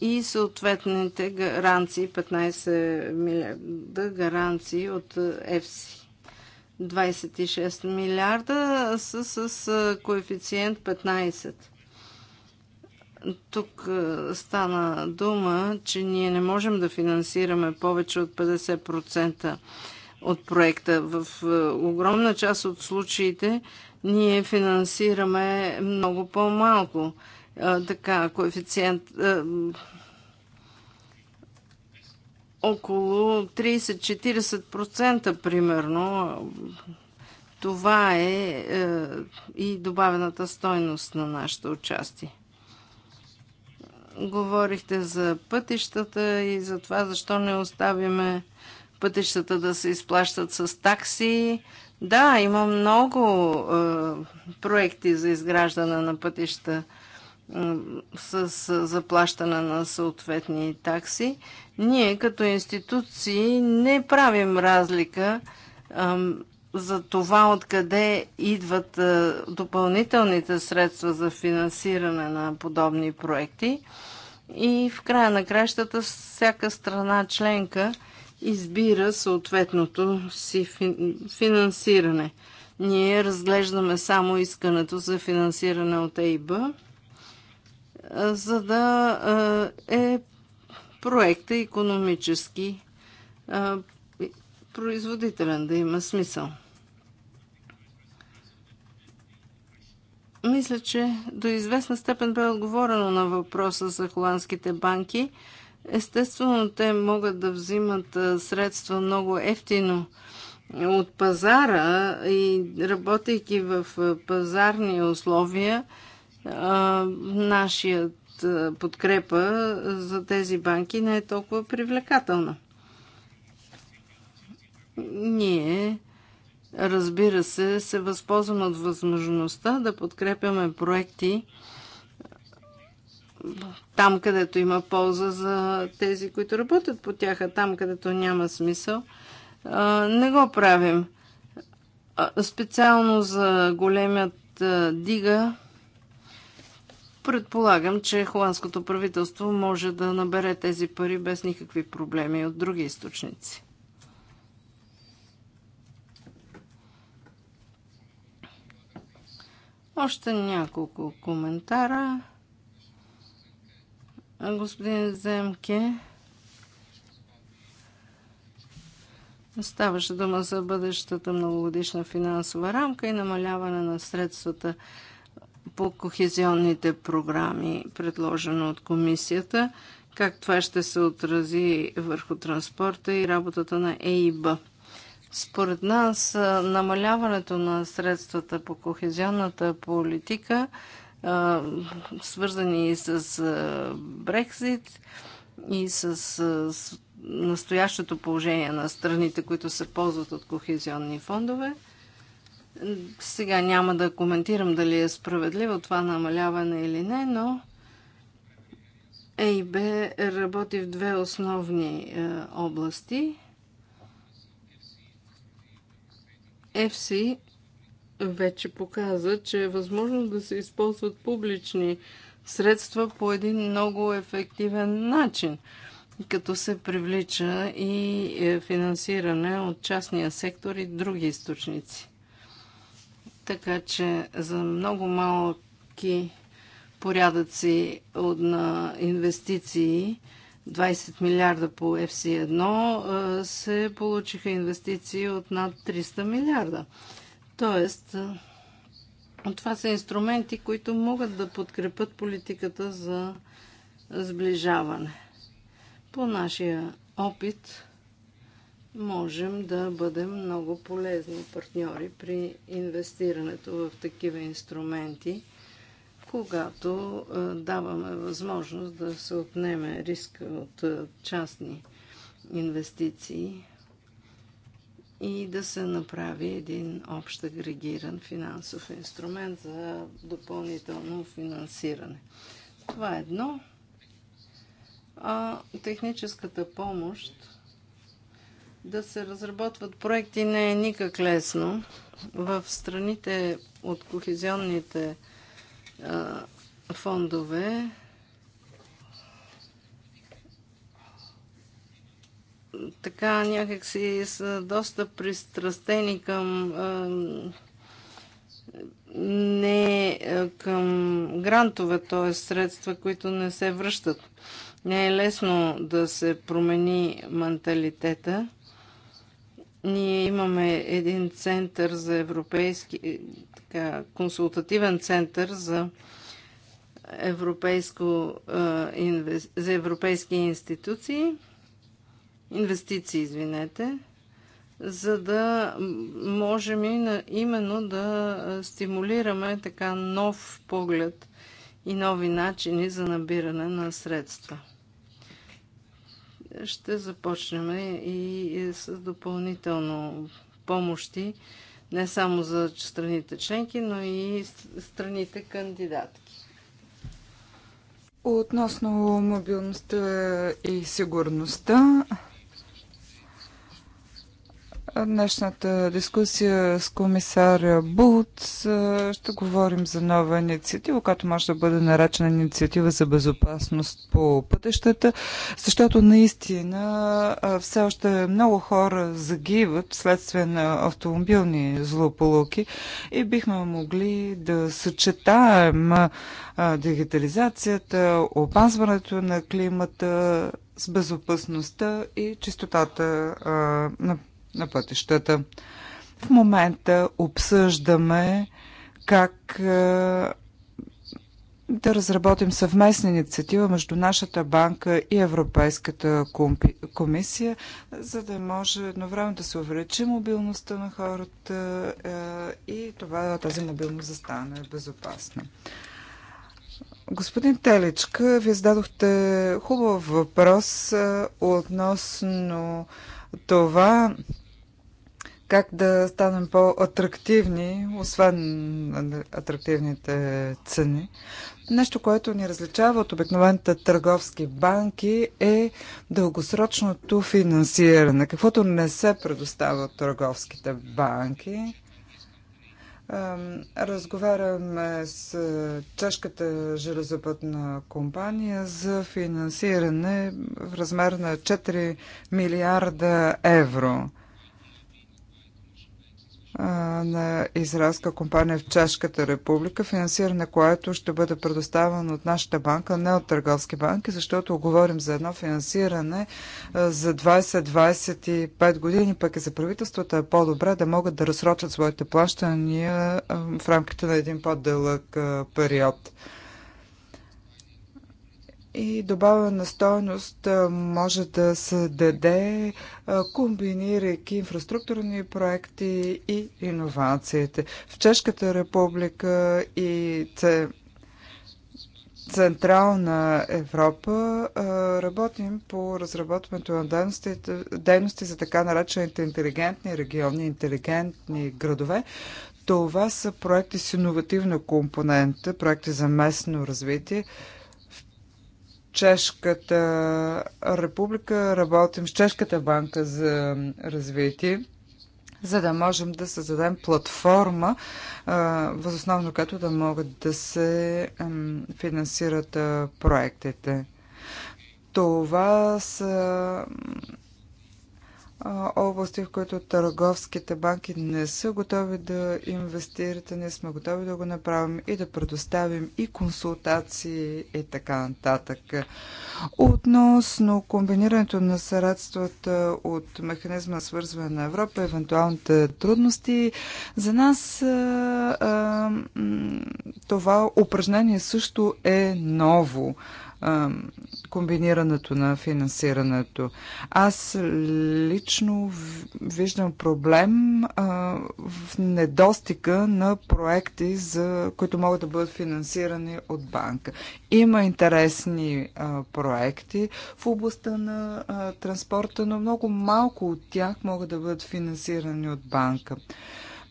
и съответните гаранции, 15 милиарда гаранции от е, ЕФСИ. 26 милиарда са с е, коефициент 15. Тук е, стана дума, че ние не можем да финансираме повече от 50% от проекта. В огромна част от случаите ние финансираме много по-малко така, коефициент около 30-40% примерно. Това е, е, и добавената стойност на нашето участие. Говорихте за пътищата и за това защо не оставиме пътищата да се изплащат с такси. Да, има много е, проекти за изграждане на пътища с заплащане на съответни такси. Ние като институции не правим разлика за това откъде идват допълнителните средства за финансиране на подобни проекти. И в края на кращата всяка страна членка избира съответното си финансиране. Ние разглеждаме само искането за финансиране от ЕИБ за да е, е проекта економически е, производителен, да има смисъл. Мисля, че до известна степен бе отговорено на въпроса за холандските банки. Естествено, те могат да взимат е, средства много ефтино от пазара и работейки в пазарни условия – нашият подкрепа за тези банки не е толкова привлекателна. Ние, разбира се, се възползваме от възможността да подкрепяме проекти там, където има полза за тези, които работят по тях, а там, където няма смисъл, не го правим. Специално за големият дига, Предполагам, че холандското правителство може да набере тези пари без никакви проблеми от други източници. Още няколко коментара. Господин Земке, ставаше дума за бъдещата многогодишна финансова рамка и намаляване на средствата по кохезионните програми, предложено от комисията, как това ще се отрази върху транспорта и работата на ЕИБ. Според нас намаляването на средствата по кохезионната политика, свързани и с Брекзит и с настоящото положение на страните, които се ползват от кохезионни фондове – сега няма да коментирам дали е справедливо това намаляване или не, но ЕИБ работи в две основни е, области. FC вече показа, че е възможно да се използват публични средства по един много ефективен начин, като се привлича и е, финансиране от частния сектор и други източници. Така че за много малки порядъци на инвестиции, 20 милиарда по FC1, се получиха инвестиции от над 300 милиарда. Тоест, това са инструменти, които могат да подкрепят политиката за сближаване. По нашия опит, можем да бъдем много полезни партньори при инвестирането в такива инструменти, когато даваме възможност да се отнеме риска от частни инвестиции и да се направи един общ агрегиран финансов инструмент за допълнително финансиране. Това е едно. А техническата помощ да се разработват проекти не е никак лесно. В страните от кохезионните фондове така някакси са доста пристрастени към а, не към грантове, т.е. средства, които не се връщат. Не е лесно да се промени менталитета. Ние имаме един център за европейски, е, така, консултативен център за европейско, е, за европейски институции, инвестиции, извинете, за да можем именно да стимулираме така нов поглед и нови начини за набиране на средства ще започнем и с допълнително помощи не само за страните членки, но и страните кандидатки. Относно мобилността и сигурността, Днешната дискусия с комисаря Булт е, ще говорим за нова инициатива, която може да бъде наречена инициатива за безопасност по пътищата. защото наистина е, все още много хора загиват вследствие на автомобилни злополуки и бихме могли да съчетаем е, дигитализацията, опазването на климата с безопасността и чистотата на на пътищата. В момента обсъждаме как е, да разработим съвместна инициатива между нашата банка и Европейската комисия, за да може едновременно да се увеличи мобилността на хората е, и това, тази мобилност да стане безопасна. Господин Теличка, вие зададохте хубав въпрос е, относно това как да станем по-атрактивни, освен атрактивните цени. Нещо, което ни различава от обикновените търговски банки е дългосрочното финансиране, каквото не се предоставя от търговските банки. Разговаряме с чешката железопътна компания за финансиране в размер на 4 милиарда евро на израелска компания в Чешката република, финансиране, което ще бъде предоставено от нашата банка, не от търговски банки, защото говорим за едно финансиране за 20-25 години, пък и за правителството е по-добре да могат да разсрочат своите плащания в рамките на един по-дълъг период и добавена стойност може да се даде, комбинирайки инфраструктурни проекти и иновациите. В Чешката република и Централна Европа работим по разработването на дейности, дейности за така наречените интелигентни региони, интелигентни градове. Това са проекти с иновативна компонента, проекти за местно развитие. Чешката република, работим с Чешката банка за развитие, за да можем да създадем платформа, възосновно като да могат да се финансират проектите. Това са области, в които търговските банки не са готови да инвестират, не сме готови да го направим и да предоставим и консултации и така нататък. Относно комбинирането на средствата от механизма свързване на Европа, евентуалните трудности, за нас а, а, това упражнение също е ново. А, комбинирането на финансирането. Аз лично виждам проблем а, в недостига на проекти, за, които могат да бъдат финансирани от банка. Има интересни а, проекти в областта на а, транспорта, но много малко от тях могат да бъдат финансирани от банка.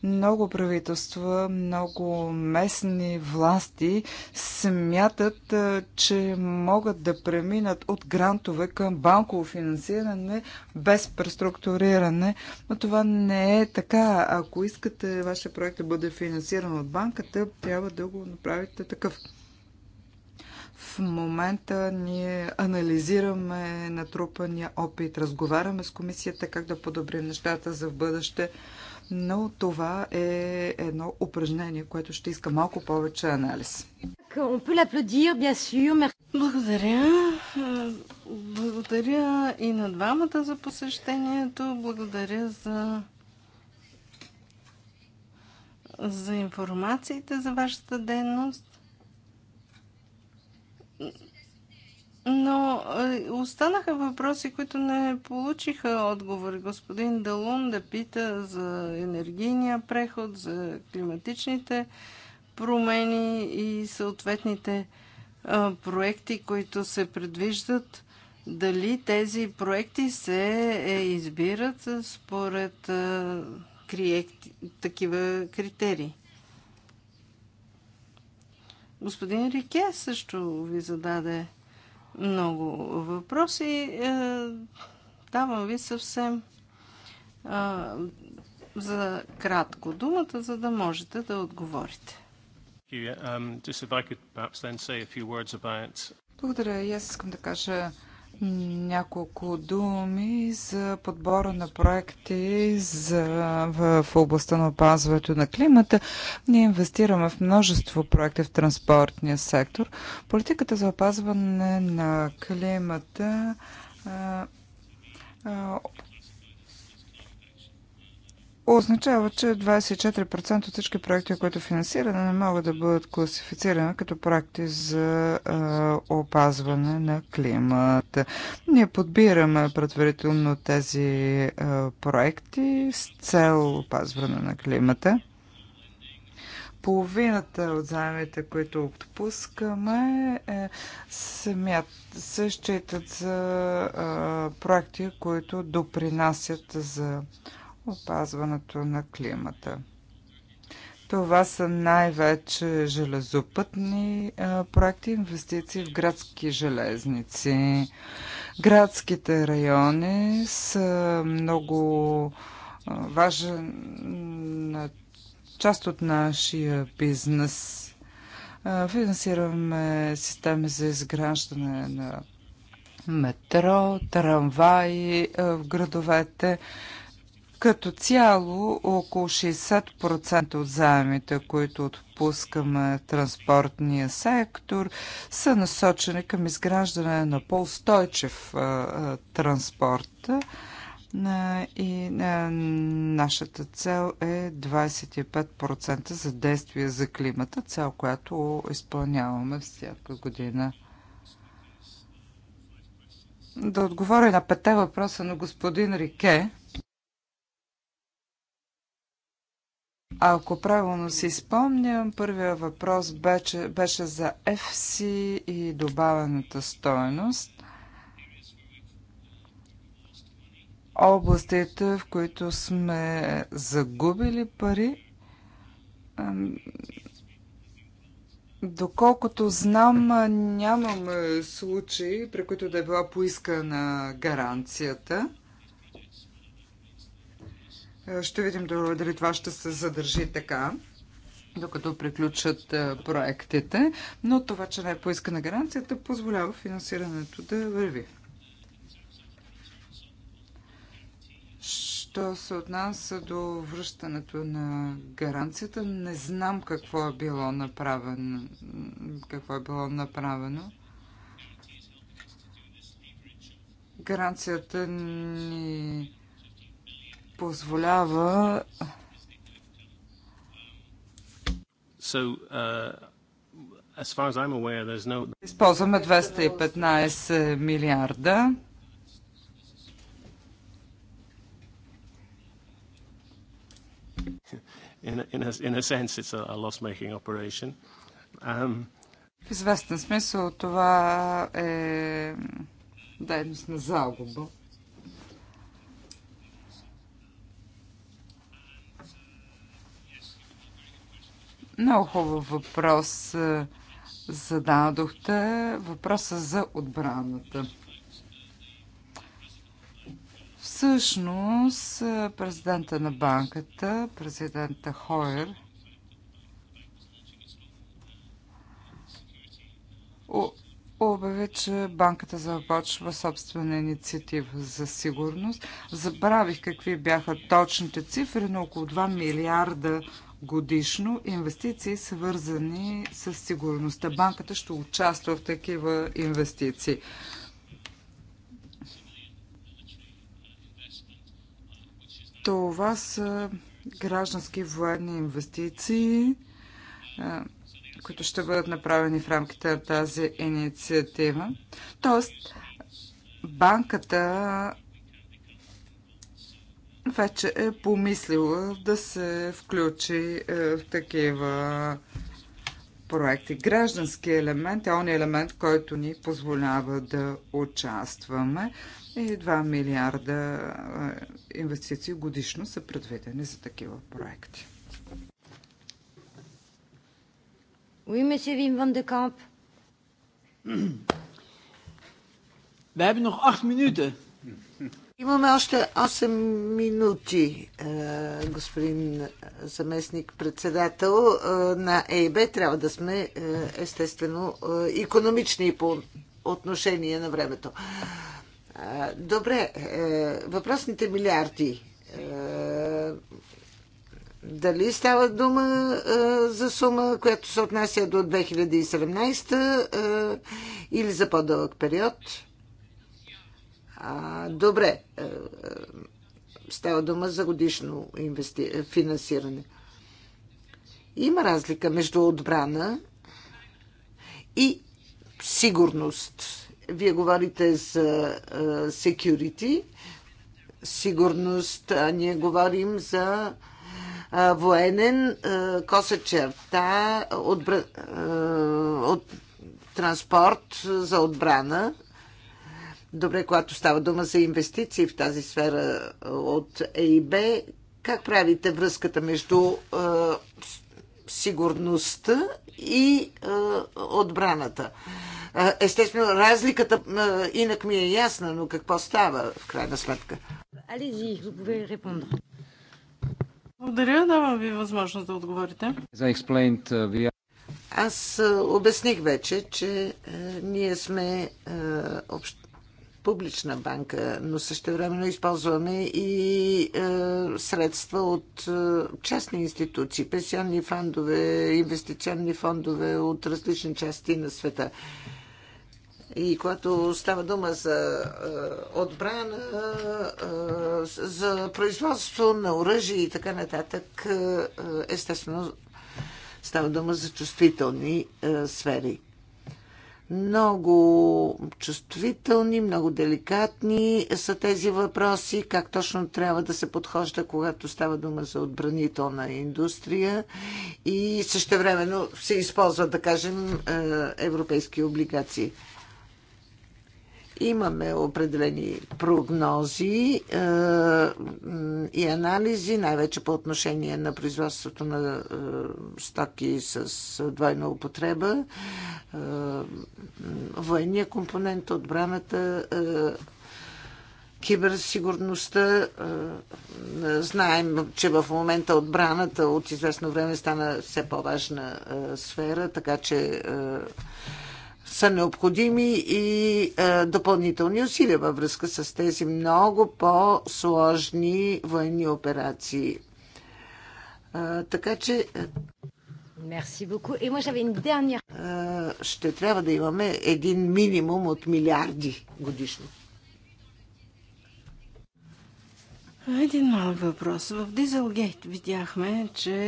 Много правителства, много местни власти смятат, че могат да преминат от грантове към банково финансиране без преструктуриране, но това не е така. Ако искате вашия проект да бъде финансиран от банката, трябва да го направите такъв. В момента ние анализираме натрупания опит, разговаряме с комисията как да подобрим нещата за в бъдеще но това е едно упражнение, което ще иска малко повече анализ. Благодаря. Благодаря и на двамата за посещението. Благодаря за за информациите за вашата дейност. Но останаха въпроси, които не получиха отговор. Господин Далун да пита за енергийния преход, за климатичните промени и съответните проекти, които се предвиждат. Дали тези проекти се е, избират според такива критерии? Господин Рике също ви зададе много въпроси. Е, давам ви съвсем за кратко думата, за да можете да отговорите. Um, Благодаря. И аз искам да кажа няколко думи за подбора на проекти за, в, в областта на опазването на климата. Ние инвестираме в множество проекти в транспортния сектор. Политиката за опазване на климата а, а, означава, че 24% от всички проекти, които финансиране, не могат да бъдат класифицирани като проекти за а, опазване на климата. Ние подбираме предварително тези а, проекти с цел опазване на климата. Половината от заемите, които отпускаме, е, смят, се считат за а, проекти, които допринасят за а, опазването на климата. Това са най-вече железопътни а, проекти, инвестиции в градски железници. Градските райони са много а, важен част от нашия бизнес. А, финансираме системи за изграждане на метро, трамваи в градовете. Като цяло около 60% от заемите, които отпускаме транспортния сектор, са насочени към изграждане на по-устойчив транспорт. и нашата цел е 25% за действие за климата, цел, която изпълняваме всяка година. Да отговоря на пете въпроса на господин Рике. Ако правилно си спомням, първия въпрос беше, беше за FC и добавената стоеност. Областите, в които сме загубили пари, Доколкото знам, нямаме случаи, при които да е била поискана гаранцията. Е, ще видим дали това ще се задържи така докато приключат е, проектите, но това, че не е поискана гаранцията, позволява финансирането да върви. Що се отнася до връщането на гаранцията, не знам какво е било направено. Какво е било направено. Гаранцията ни позволява uh, Използваме 215 милиарда. Um, В известен смисъл това е дейност на загуба. Много хубав въпрос е, зададохте. Въпроса за отбраната. Всъщност, е, президента на банката, президента Хойер, обяви, че банката започва собствена инициатива за сигурност. Забравих какви бяха точните цифри, но около 2 милиарда годишно инвестиции, свързани с сигурността. Банката ще участва в такива инвестиции. Това са граждански военни инвестиции, които ще бъдат направени в рамките на тази инициатива. Тоест, банката вече е помислила да се включи е, в такива проекти. Граждански елемент е он елемент, който ни позволява да участваме и 2 милиарда е, инвестиции годишно са предвидени за такива проекти. Oui, monsieur Wim van de Kamp. We hebben nog acht minuten. Имаме още 8 минути, е, господин заместник председател е, на ЕИБ. Трябва да сме е, естествено економични по отношение на времето. Добре, въпросните милиарди. Дали става дума за сума, която се отнася до 2017 или за по-дълъг период? А, добре, е, е, става дума за годишно инвести... Е, финансиране. Има разлика между отбрана и сигурност. Вие говорите за security, сигурност, а ние говорим за военен коса черта от, от транспорт за отбрана Добре, когато става дума за инвестиции в тази сфера от ЕИБ, как правите връзката между е, сигурността и е, отбраната? Е, естествено, разликата е, инак ми е ясна, но какво става в крайна сметка? Алези, Благодаря, давам ви възможност да отговорите. Uh, Аз е, обясних вече, че е, ние сме общ публична банка, но времено използваме и е, средства от е, частни институции, пенсионни фондове, инвестиционни фондове от различни части на света. И когато става дума за е, отбрана, е, за производство на оръжие и така нататък, е, естествено става дума за чувствителни е, сфери. Много чувствителни, много деликатни са тези въпроси, как точно трябва да се подхожда, когато става дума за отбранителна индустрия и същевременно се използват, да кажем, е, европейски облигации. Имаме определени прогнози е, и анализи, най-вече по отношение на производството на е, стоки с двойна употреба, е, военния компонент, отбраната, е, киберсигурността. Е, знаем, че в момента отбраната от известно време стана все по-важна е, сфера, така че. Е, са необходими и е, допълнителни усилия във връзка с тези много по-сложни военни операции. Е, така че. Е, ще трябва да имаме един минимум от милиарди годишно. Един малък въпрос. В Дизелгейт видяхме, че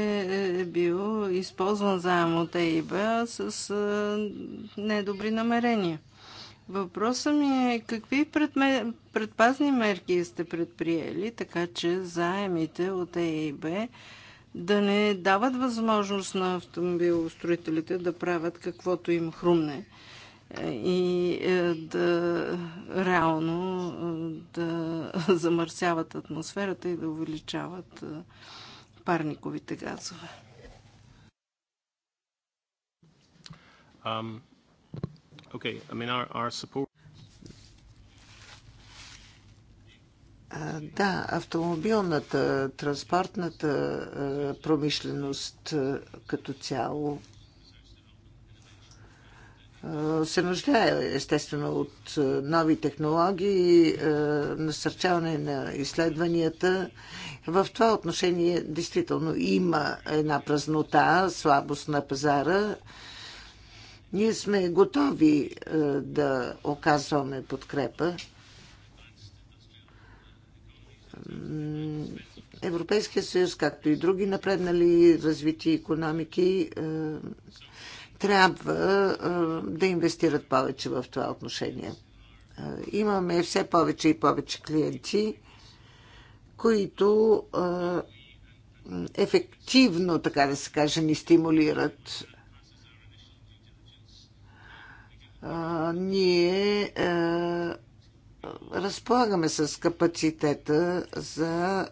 е бил използван заем от ЕИБ с е, недобри намерения. Въпросът ми е какви предме... предпазни мерки сте предприели, така че заемите от ЕИБ да не дават възможност на автомобилостроителите да правят каквото им хрумне и е, да реално е, да замърсяват атмосферата и да увеличават е, парниковите газове. Um, да, автомобилната, транспортната промишленост като цяло се нуждае естествено от е, нови технологии, е, насърчаване на изследванията. В това отношение действително има една празнота, слабост на пазара. Ние сме готови е, да оказваме подкрепа. Европейския съюз, както и други напреднали развити економики, трябва да инвестират повече в това отношение. Имаме все повече и повече клиенти, които ефективно, така да се каже, ни стимулират. Ние разполагаме с капацитета за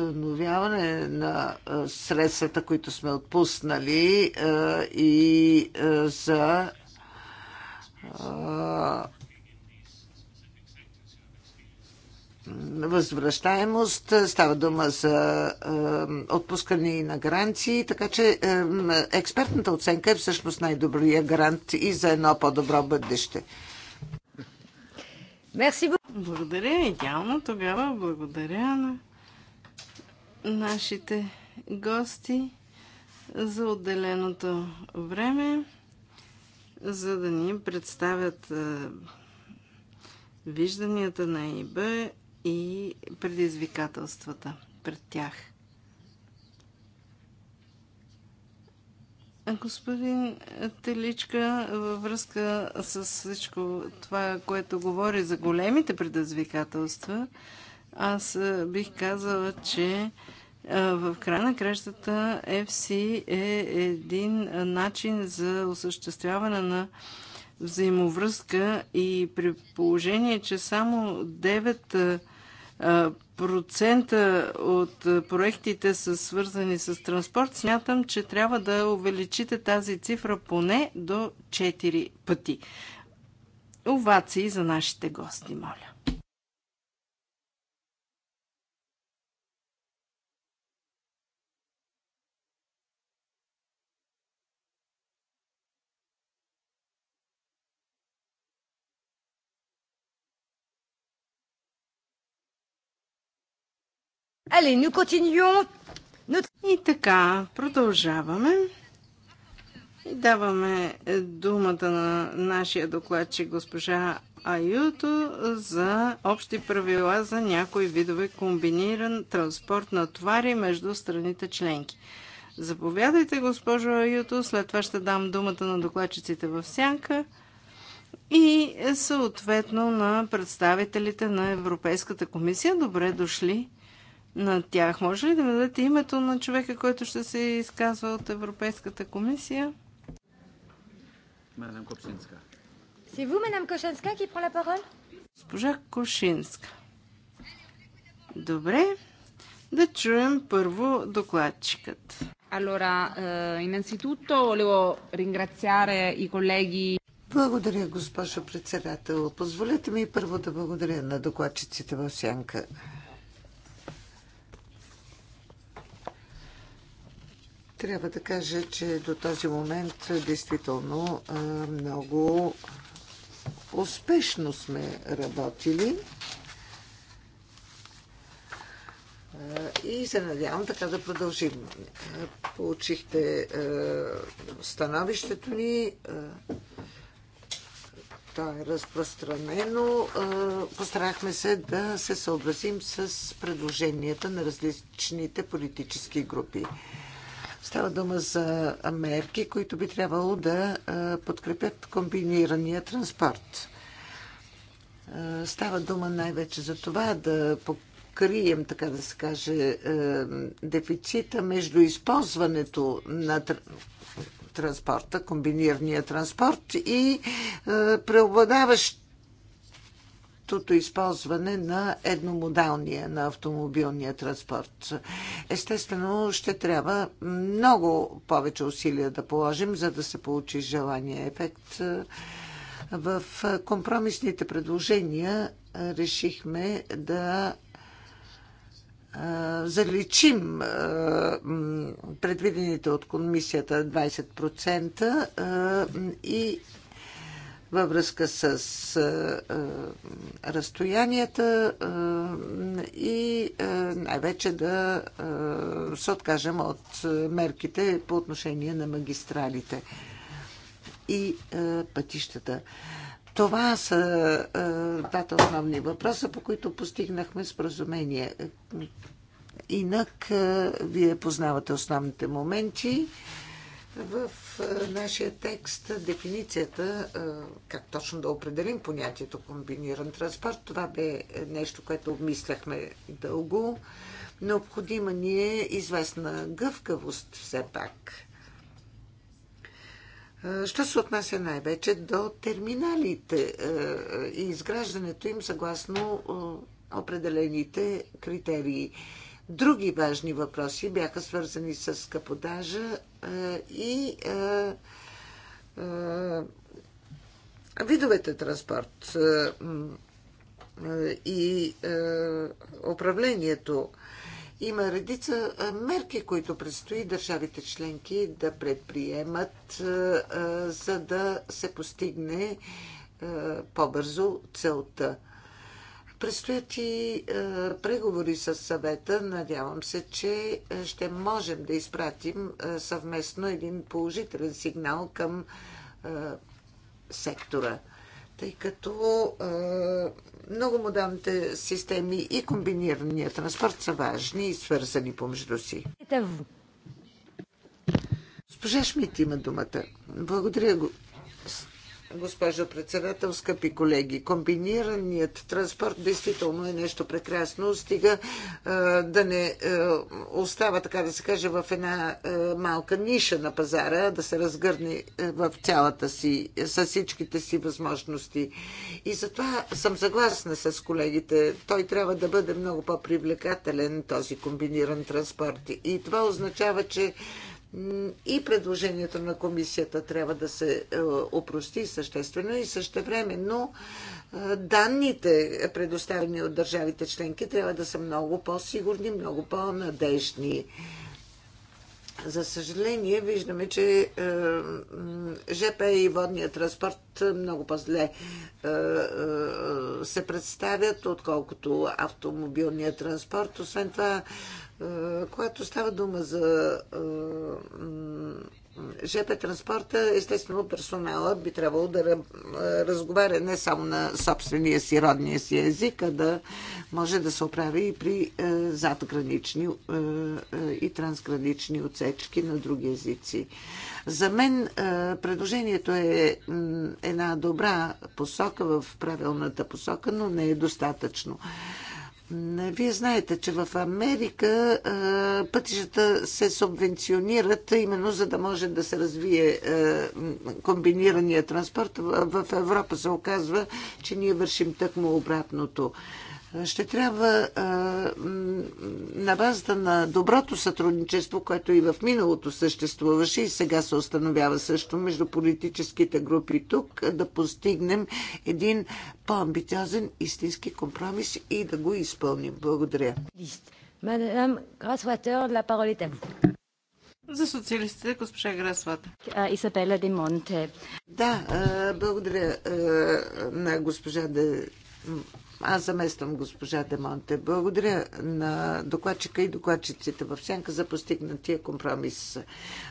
възстановяване на средствата, които сме отпуснали и за възвръщаемост, става дума за отпускане и на гаранции, така че експертната оценка е всъщност най-добрия гарант и за едно по-добро бъдеще. Благодаря, идеално тогава. Благодаря на нашите гости за отделеното време, за да ни представят вижданията на ИБ и предизвикателствата пред тях. Господин Теличка, във връзка с всичко това, което говори за големите предизвикателства, аз е, бих казала, че е, в края на кращата FC е един начин за осъществяване на взаимовръзка и при положение, че само 9 е, процента от проектите са свързани с транспорт, смятам, че трябва да увеличите тази цифра поне до 4 пъти. Овации за нашите гости, моля. Allez, nous continuons. И така, продължаваме. И даваме думата на нашия докладчик госпожа Аюто за общи правила за някои видове комбиниран транспорт на товари между страните членки. Заповядайте, госпожо Аюто, след това ще дам думата на докладчиците в сянка и съответно на представителите на Европейската комисия. Добре дошли на тях. Може ли да ми дадете името на човека, който ще се изказва от Европейската комисия? Мадам Кошинска. Си ви, мадам Кошинска, ки prend la parole? Госпожа Кошинска. Добре, да чуем първо докладчикът. Allora, eh, innanzitutto volevo ringraziare i colleghi благодаря, госпожо председател. Позволете ми първо да благодаря на докладчиците в Сянка Трябва да кажа, че до този момент действително много успешно сме работили. И се надявам така да продължим. Получихте становището ни. То е разпространено. Постарахме се да се съобразим с предложенията на различните политически групи. Става дума за мерки, които би трябвало да подкрепят комбинирания транспорт. Става дума най-вече за това да покрием, така да се каже, дефицита между използването на транспорта, комбинирания транспорт и преобладаващ честото използване на едномодалния, на автомобилния транспорт. Естествено, ще трябва много повече усилия да положим, за да се получи желания ефект. В компромисните предложения решихме да заличим предвидените от комисията 20% и във връзка с а, разстоянията а, и най-вече да а, се откажем от мерките по отношение на магистралите и а, пътищата. Това са а, двата основни въпроса, по които постигнахме споразумение. Инак, а, вие познавате основните моменти. А, в е, нашия текст дефиницията, е, как точно да определим понятието комбиниран транспорт, това бе нещо, което обмисляхме дълго. Необходима ни е известна гъвкавост все пак. Е, що се отнася най-вече до терминалите и изграждането им съгласно определените критерии. Други важни въпроси бяха свързани с каподажа е, и е, е, видовете транспорт и управлението. Има редица мерки, които предстои държавите членки да предприемат, за да се постигне по-бързо целта Предстоят и е, преговори с съвета. Надявам се, че е, ще можем да изпратим е, съвместно един положителен сигнал към сектора тъй като а, е, много модалните системи и комбинирания транспорт са важни и свързани помежду си. Госпожа Шмидт има думата. Благодаря, го. Госпожо председател, скъпи колеги, комбинираният транспорт действително е нещо прекрасно. Стига е, да не е, остава, така да се каже, в една е, малка ниша на пазара, да се разгърне в цялата си, с всичките си възможности. И затова съм съгласна с колегите. Той трябва да бъде много по-привлекателен, този комбиниран транспорт. И това означава, че и предложението на комисията трябва да се е, опрости съществено и същевременно е, данните, предоставени от държавите членки, трябва да са много по-сигурни, много по-надежни. За съжаление, виждаме, че е, ЖП и водния транспорт много по-зле се представят, отколкото автомобилния транспорт. Освен това, е, когато става дума за е, ЖП транспорта, естествено персонала би трябвало да е, разговаря не само на собствения си, родния си език, а да може да се оправи и при задгранични и трансгранични отсечки на други езици. За мен предложението е една добра посока в правилната посока, но не е достатъчно. Вие знаете, че в Америка пътищата се субвенционират именно за да може да се развие комбинирания транспорт. В Европа се оказва, че ние вършим тъкмо обратното ще трябва е, на базата на доброто сътрудничество, което и в миналото съществуваше и сега се установява също между политическите групи тук, да постигнем един по-амбициозен истински компромис и да го изпълним. Благодаря. Мадам Грасватер, е За социалистите, госпожа Грасвата. Исабела Демонте. Да, е, благодаря на госпожа де аз замествам госпожа Демонте. Благодаря на докладчика и докладчиците в сянка за постигнатия компромис.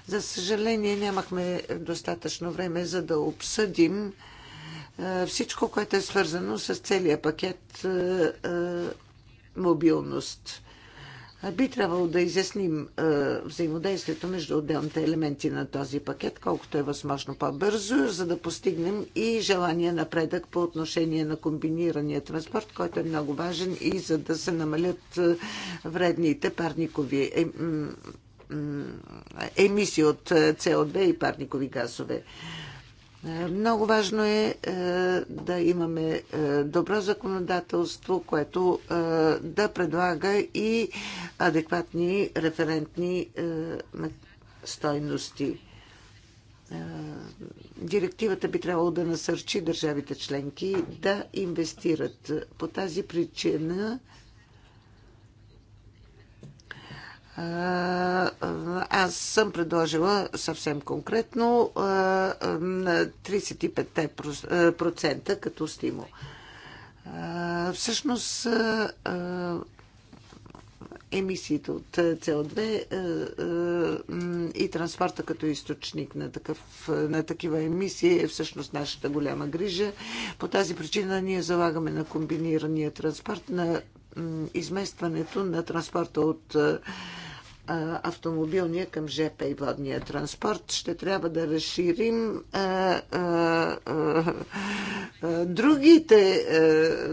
За съжаление нямахме достатъчно време за да обсъдим е, всичко, което е свързано с целия пакет е, е, мобилност. Би трябвало да изясним е, взаимодействието между отделните елементи на този пакет, колкото е възможно по-бързо, за да постигнем и желания напредък по отношение на комбинирания транспорт, който е много важен и за да се намалят е, вредните парникови е, емисии от CO2 и парникови газове. Е, много важно е, е да имаме е, добро законодателство, което да предлага и адекватни референтни стойности. Директивата би трябвало да насърчи държавите членки да инвестират. По тази причина Аз съм предложила съвсем конкретно 35% като стимул. Всъщност емисиите от CO2 и транспорта като източник на, такъв, на такива емисии е всъщност нашата голяма грижа. По тази причина ние залагаме на комбинирания транспорт, на изместването на транспорта от автомобилния към ЖП и водния транспорт. Ще трябва да разширим другите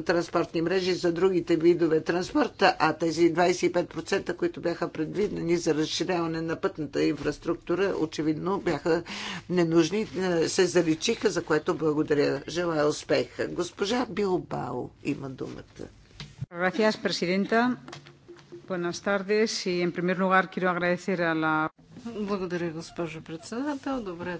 транспортни мрежи за другите видове транспорта, а тези 25%, които бяха предвидени за разширяване на пътната инфраструктура, очевидно бяха ненужни, се заличиха, за което благодаря. Желая успех. Госпожа Билбао има думата. Gracias, Presidenta. Благодаря, госпожо председател. Добре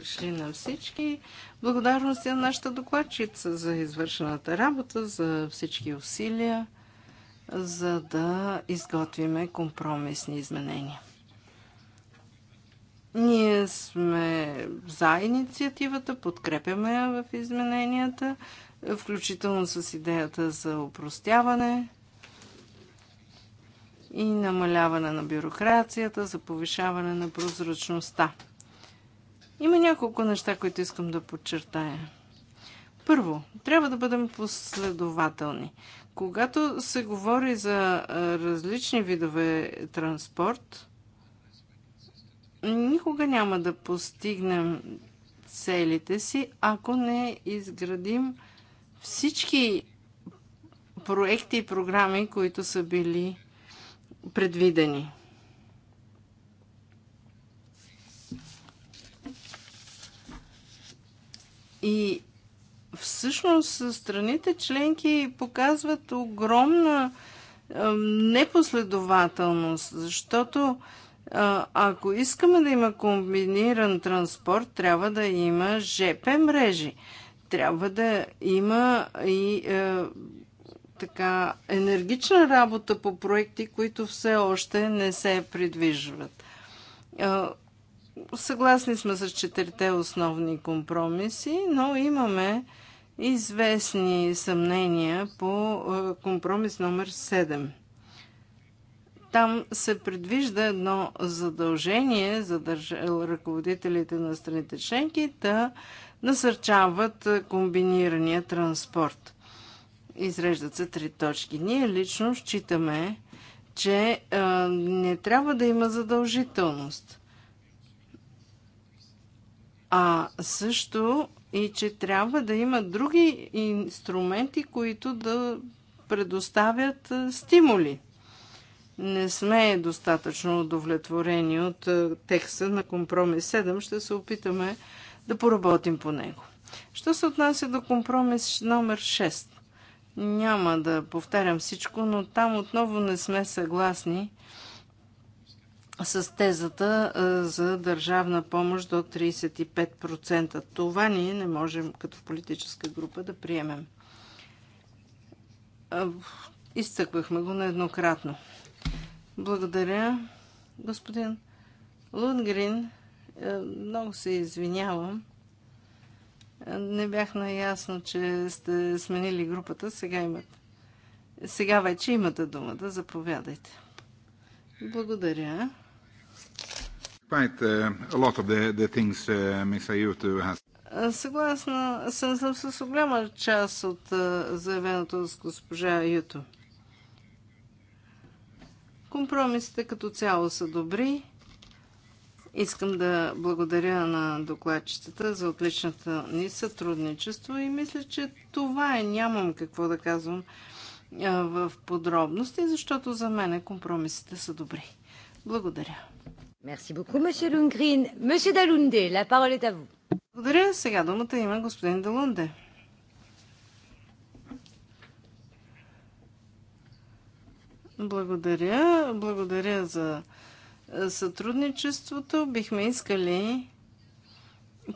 дошли на всички. Благодарности на нашата докладчица за извършената работа, за всички усилия, за да изготвиме компромисни изменения. Ние сме за инициативата, подкрепяме я в измененията, включително с идеята за упростяване – и намаляване на бюрокрацията, за повишаване на прозрачността. Има няколко неща, които искам да подчертая. Първо, трябва да бъдем последователни. Когато се говори за различни видове транспорт, никога няма да постигнем целите си, ако не изградим всички проекти и програми, които са били предвидени. И всъщност страните членки показват огромна непоследователност, защото ако искаме да има комбиниран транспорт, трябва да има ЖП мрежи. Трябва да има и така енергична работа по проекти, които все още не се придвижват. Съгласни сме с четирите основни компромиси, но имаме известни съмнения по компромис номер 7. Там се предвижда едно задължение за ръководителите на страните членки да насърчават комбинирания транспорт. Изреждат се три точки. Ние лично считаме, че а, не трябва да има задължителност. А също и че трябва да има други инструменти, които да предоставят стимули. Не сме достатъчно удовлетворени от текста на компромис 7. Ще се опитаме да поработим по него. Що се отнася до компромис номер 6? Няма да повтарям всичко, но там отново не сме съгласни с тезата за държавна помощ до 35%. Това ние не можем като политическа група да приемем. Изтъквахме го нееднократно. Благодаря, господин Лунгрин. Е, много се извинявам. Не бях наясно, че сте сменили групата. Сега, имат... Сега вече имате думата. Да заповядайте. Благодаря. Съгласна съм, съм с голяма част от заявеното с госпожа Юто. Компромисите като цяло са добри. Искам да благодаря на докладчетата за отличната ни сътрудничество и мисля, че това е. Нямам какво да казвам в подробности, защото за мен компромисите са добри. Благодаря. Merci beaucoup, monsieur Lundgren. Monsieur Dalunde, la parole est à vous. Благодаря. Сега думата има господин Далунде. Благодаря. Благодаря за сътрудничеството бихме искали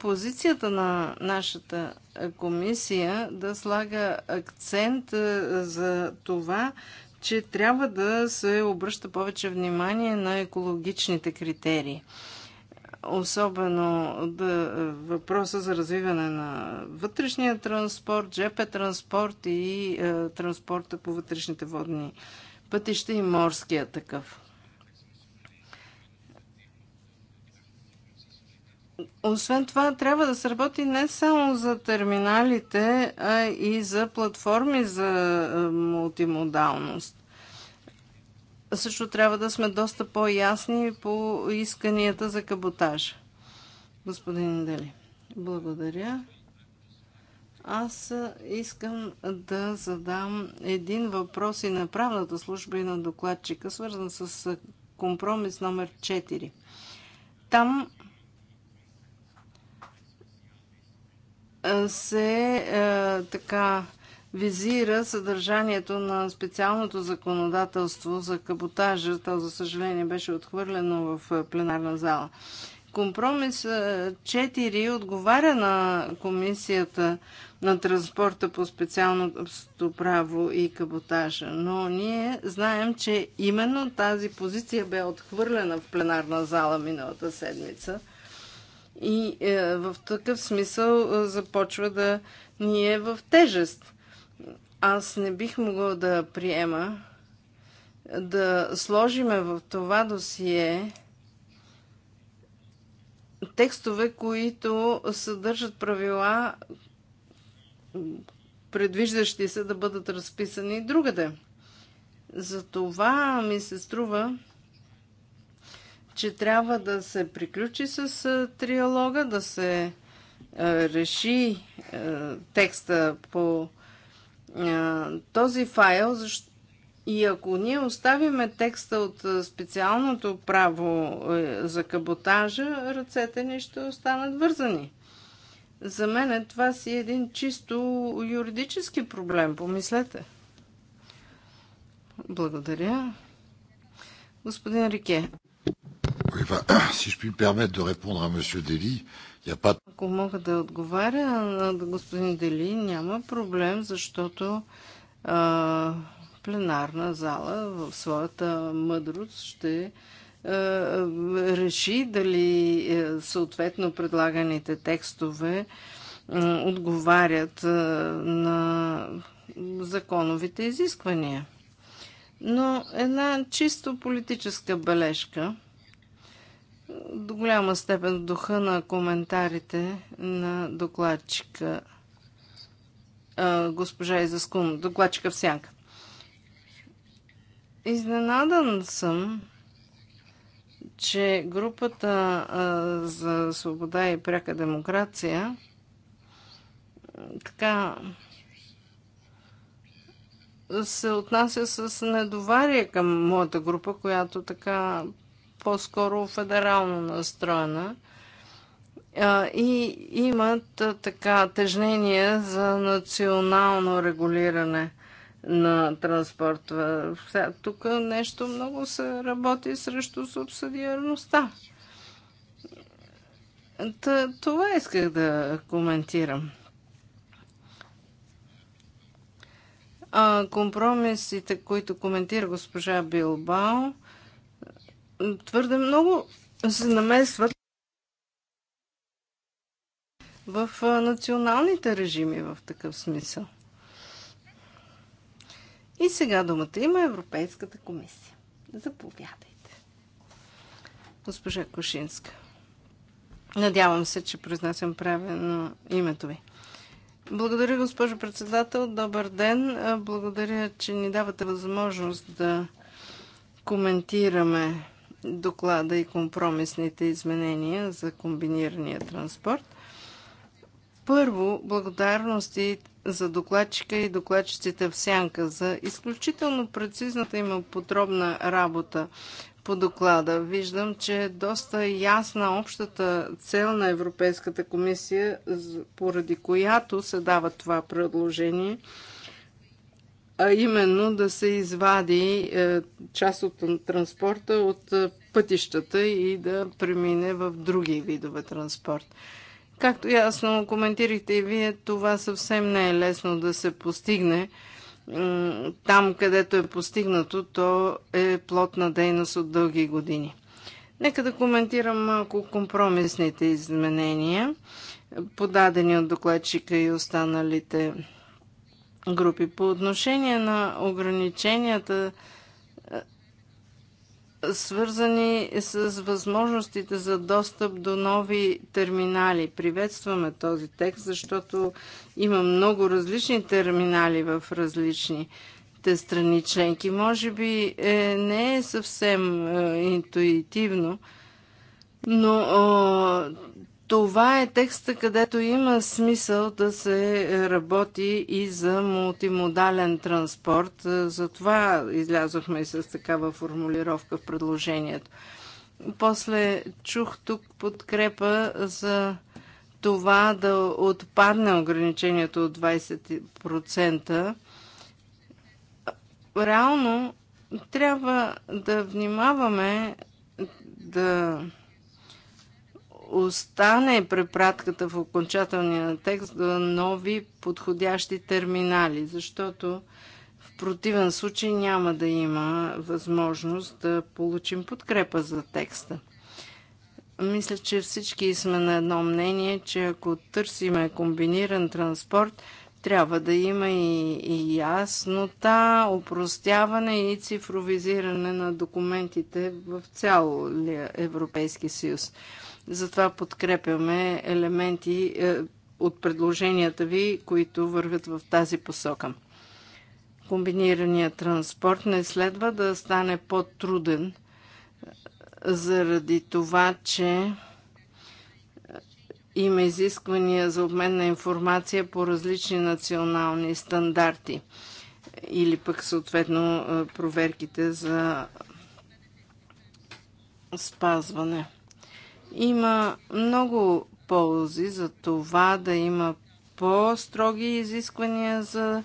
позицията на нашата комисия да слага акцент е, за това, че трябва да се обръща повече внимание на екологичните критерии. Особено да, е, въпроса за развиване на вътрешния транспорт, ЖП транспорт и е, транспорта по вътрешните водни пътища и морския такъв. Освен това, трябва да се работи не само за терминалите, а и за платформи за е, мултимодалност. Също трябва да сме доста по-ясни по исканията за каботаж. Господин Дели, благодаря. Аз е, искам да задам един въпрос и на правната служба и на докладчика, свързан с е, компромис номер 4. Там се е, така визира съдържанието на специалното законодателство за каботажа. То, за съжаление, беше отхвърлено в е, пленарна зала. Компромис 4 е, отговаря на комисията на транспорта по специалното право и каботажа. Но ние знаем, че именно тази позиция бе отхвърлена в пленарна зала миналата седмица – и е, в такъв смисъл е, започва да ни е в тежест. Аз не бих могъл да приема да сложиме в това досие текстове, които съдържат правила, предвиждащи се да бъдат разписани другаде. За това ми се струва, че трябва да се приключи с триалога, да се реши текста по този файл, и ако ние оставиме текста от специалното право за каботажа, ръцете ни ще останат вързани. За мен е, това си е един чисто юридически проблем. Помислете. Благодаря. Господин Рике. Ако мога да отговаря на господин Дели, няма проблем, защото а, пленарна зала в своята мъдрост ще а, реши дали а, е, съответно предлаганите текстове а, отговарят а, на законовите изисквания. Но една чисто политическа бележка – до голяма степен в духа на коментарите на докладчика госпожа Изаскун, докладчика в сянка. Изненадан съм, че групата за свобода и пряка демокрация така се отнася с недоварие към моята група, която така по-скоро федерално настроена и имат така тежнение за национално регулиране на транспорта. Тук нещо много се работи срещу субсидиарността. това исках да коментирам. компромисите, които коментира госпожа Билбао, твърде много се намесват в националните режими в такъв смисъл. И сега думата има Европейската комисия. Заповядайте. Госпожа Кошинска. Надявам се, че произнасям правилно името ви. Благодаря, госпожо председател. Добър ден. Благодаря, че ни давате възможност да коментираме доклада и компромисните изменения за комбинирания транспорт. Първо, благодарности за докладчика и докладчиците в сянка за изключително прецизната има подробна работа по доклада. Виждам, че е доста ясна общата цел на Европейската комисия, поради която се дава това предложение – а именно да се извади е, част от транспорта от е, пътищата и да премине в други видове транспорт. Както ясно коментирахте и вие, това съвсем не е лесно да се постигне. Там, където е постигнато, то е плотна дейност от дълги години. Нека да коментирам малко компромисните изменения, подадени от докладчика и останалите групи. По отношение на ограниченията, е, свързани с възможностите за достъп до нови терминали. Приветстваме този текст, защото има много различни терминали в различните страни членки. Може би е, не е съвсем е, интуитивно, но е, това е текста, където има смисъл да се работи и за мултимодален транспорт. Е, затова излязохме и с такава формулировка в предложението. После чух тук подкрепа за това да отпадне ограничението от 20%. Реално трябва да внимаваме да остане препратката в окончателния текст за нови подходящи терминали, защото в противен случай няма да има възможност да получим подкрепа за текста. Мисля, че всички сме на едно мнение, че ако търсиме комбиниран транспорт, трябва да има и, и яснота, упростяване и цифровизиране на документите в цял Европейски съюз. Затова подкрепяме елементи е, от предложенията ви, които вървят в тази посока. Комбинираният транспорт не следва да стане по-труден е, заради това, че е, има изисквания за обмен на информация по различни национални стандарти или пък съответно проверките за спазване. Има много ползи за това да има по-строги изисквания за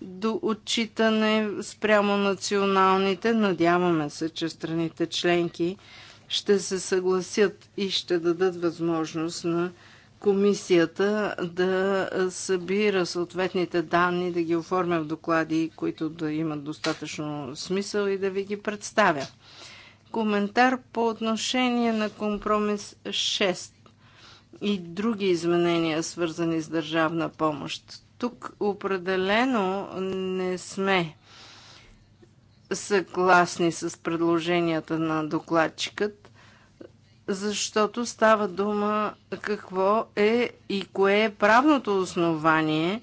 до отчитане спрямо националните. Надяваме се, че страните членки ще се съгласят и ще дадат възможност на комисията да събира съответните данни, да ги оформя в доклади, които да имат достатъчно смисъл и да ви ги представя коментар по отношение на компромис 6 и други изменения, свързани с държавна помощ. Тук определено не сме съгласни с предложенията на докладчикът, защото става дума какво е и кое е правното основание,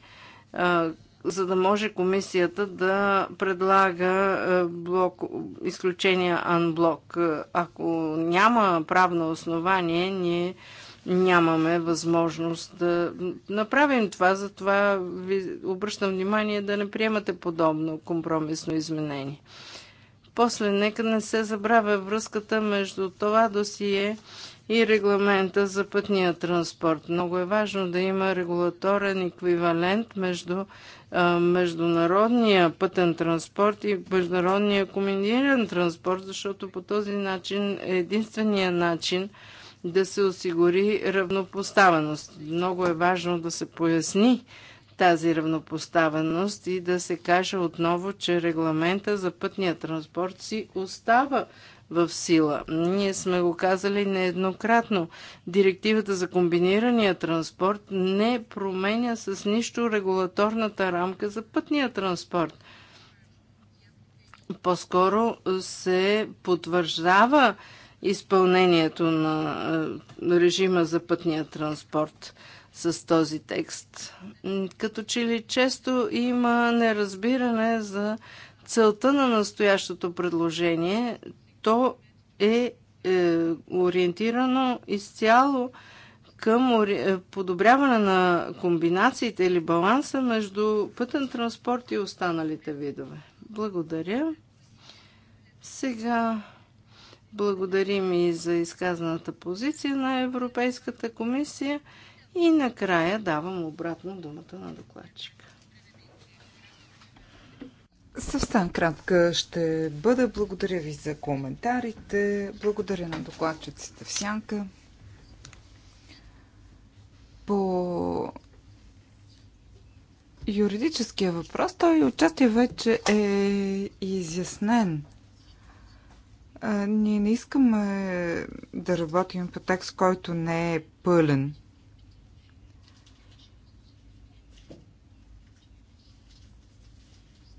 за да може комисията да предлага е, блок, изключения анблок. Е, ако няма правно основание, ние нямаме възможност да направим това, затова ви обръщам внимание да не приемате подобно компромисно изменение. После, нека не се забравя връзката между това досие и регламента за пътния транспорт. Много е важно да има регулаторен еквивалент между международния пътен транспорт и международния комбиниран транспорт, защото по този начин е единствения начин да се осигури равнопоставеност. Много е важно да се поясни тази равнопоставеност и да се каже отново, че регламента за пътния транспорт си остава в сила. Ние сме го казали нееднократно. Директивата за комбинирания транспорт не променя с нищо регулаторната рамка за пътния транспорт. По-скоро се потвърждава изпълнението на е, режима за пътния транспорт с този текст. Като че ли често има неразбиране за целта на настоящото предложение, то е, е ориентирано изцяло към е, подобряване на комбинациите или баланса между пътен транспорт и останалите видове. Благодаря. Сега благодарим и за изказаната позиция на Европейската комисия и накрая давам обратно думата на докладчика. Съвсем кратка ще бъда. Благодаря ви за коментарите. Благодаря на докладчиците в Сянка. По юридическия въпрос, той отчасти вече е изяснен. ние не искаме да работим по текст, който не е пълен.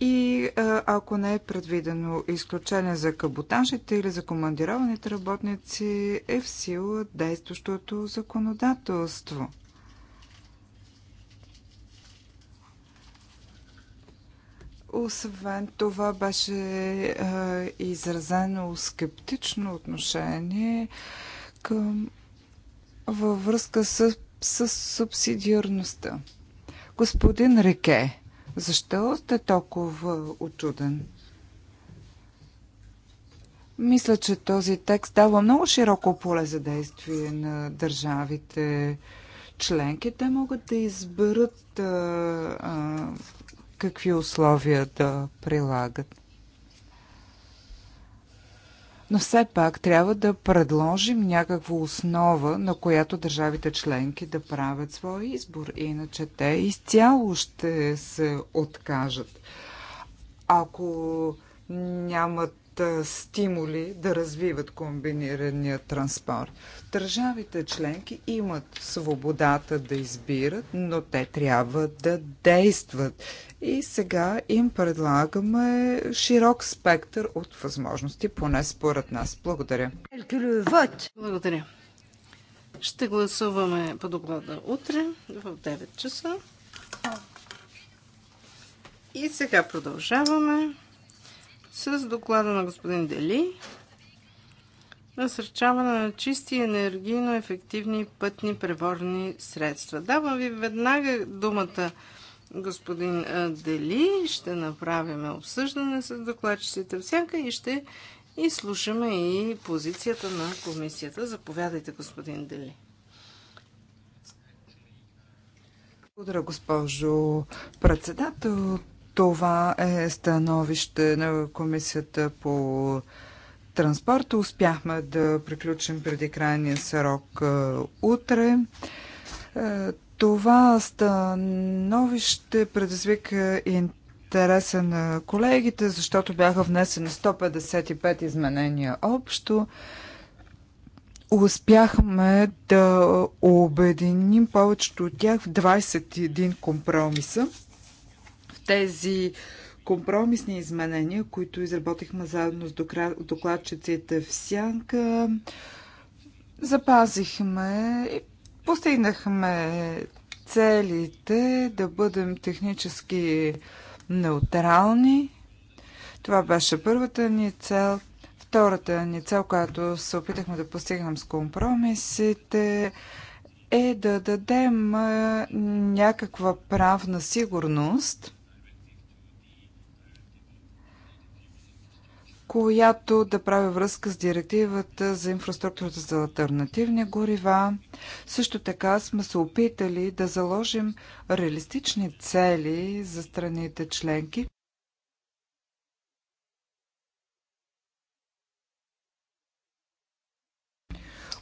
И ако не е предвидено изключение за каботажите или за командированите работници, е в сила действащото законодателство. Освен това беше е, изразено скептично отношение към, във връзка с, с субсидиарността. Господин Реке, защо сте толкова очуден? Мисля, че този текст дава много широко поле за действие на държавите членки. Те могат да изберат а, а, какви условия да прилагат но все пак трябва да предложим някаква основа, на която държавите членки да правят своя избор. Иначе те изцяло ще се откажат. Ако нямат стимули да развиват комбинирания транспорт. Държавите членки имат свободата да избират, но те трябва да действат. И сега им предлагаме широк спектър от възможности, поне според нас. Благодаря. Благодаря. Ще гласуваме по доклада утре в 9 часа. И сега продължаваме с доклада на господин Дели насърчаване на чисти енергийно ефективни пътни превозни средства. Давам ви веднага думата господин Дели. Ще направим обсъждане с докладчиците всяка и ще изслушаме и позицията на комисията. Заповядайте, господин Дели. Благодаря, госпожо председател. Това е становище на комисията по транспорта. Успяхме да приключим преди крайния срок е, утре. Е, това становище предизвика интереса на колегите, защото бяха внесени 155 изменения общо. Успяхме да обединим повечето от тях в 21 компромиса тези компромисни изменения, които изработихме заедно с докладчиците в Сянка. Запазихме и постигнахме целите да бъдем технически неутрални. Това беше първата ни цел. Втората ни цел, която се опитахме да постигнем с компромисите, е да дадем някаква правна сигурност – която да прави връзка с директивата за инфраструктурата за альтернативни горива. Също така сме се опитали да заложим реалистични цели за страните членки.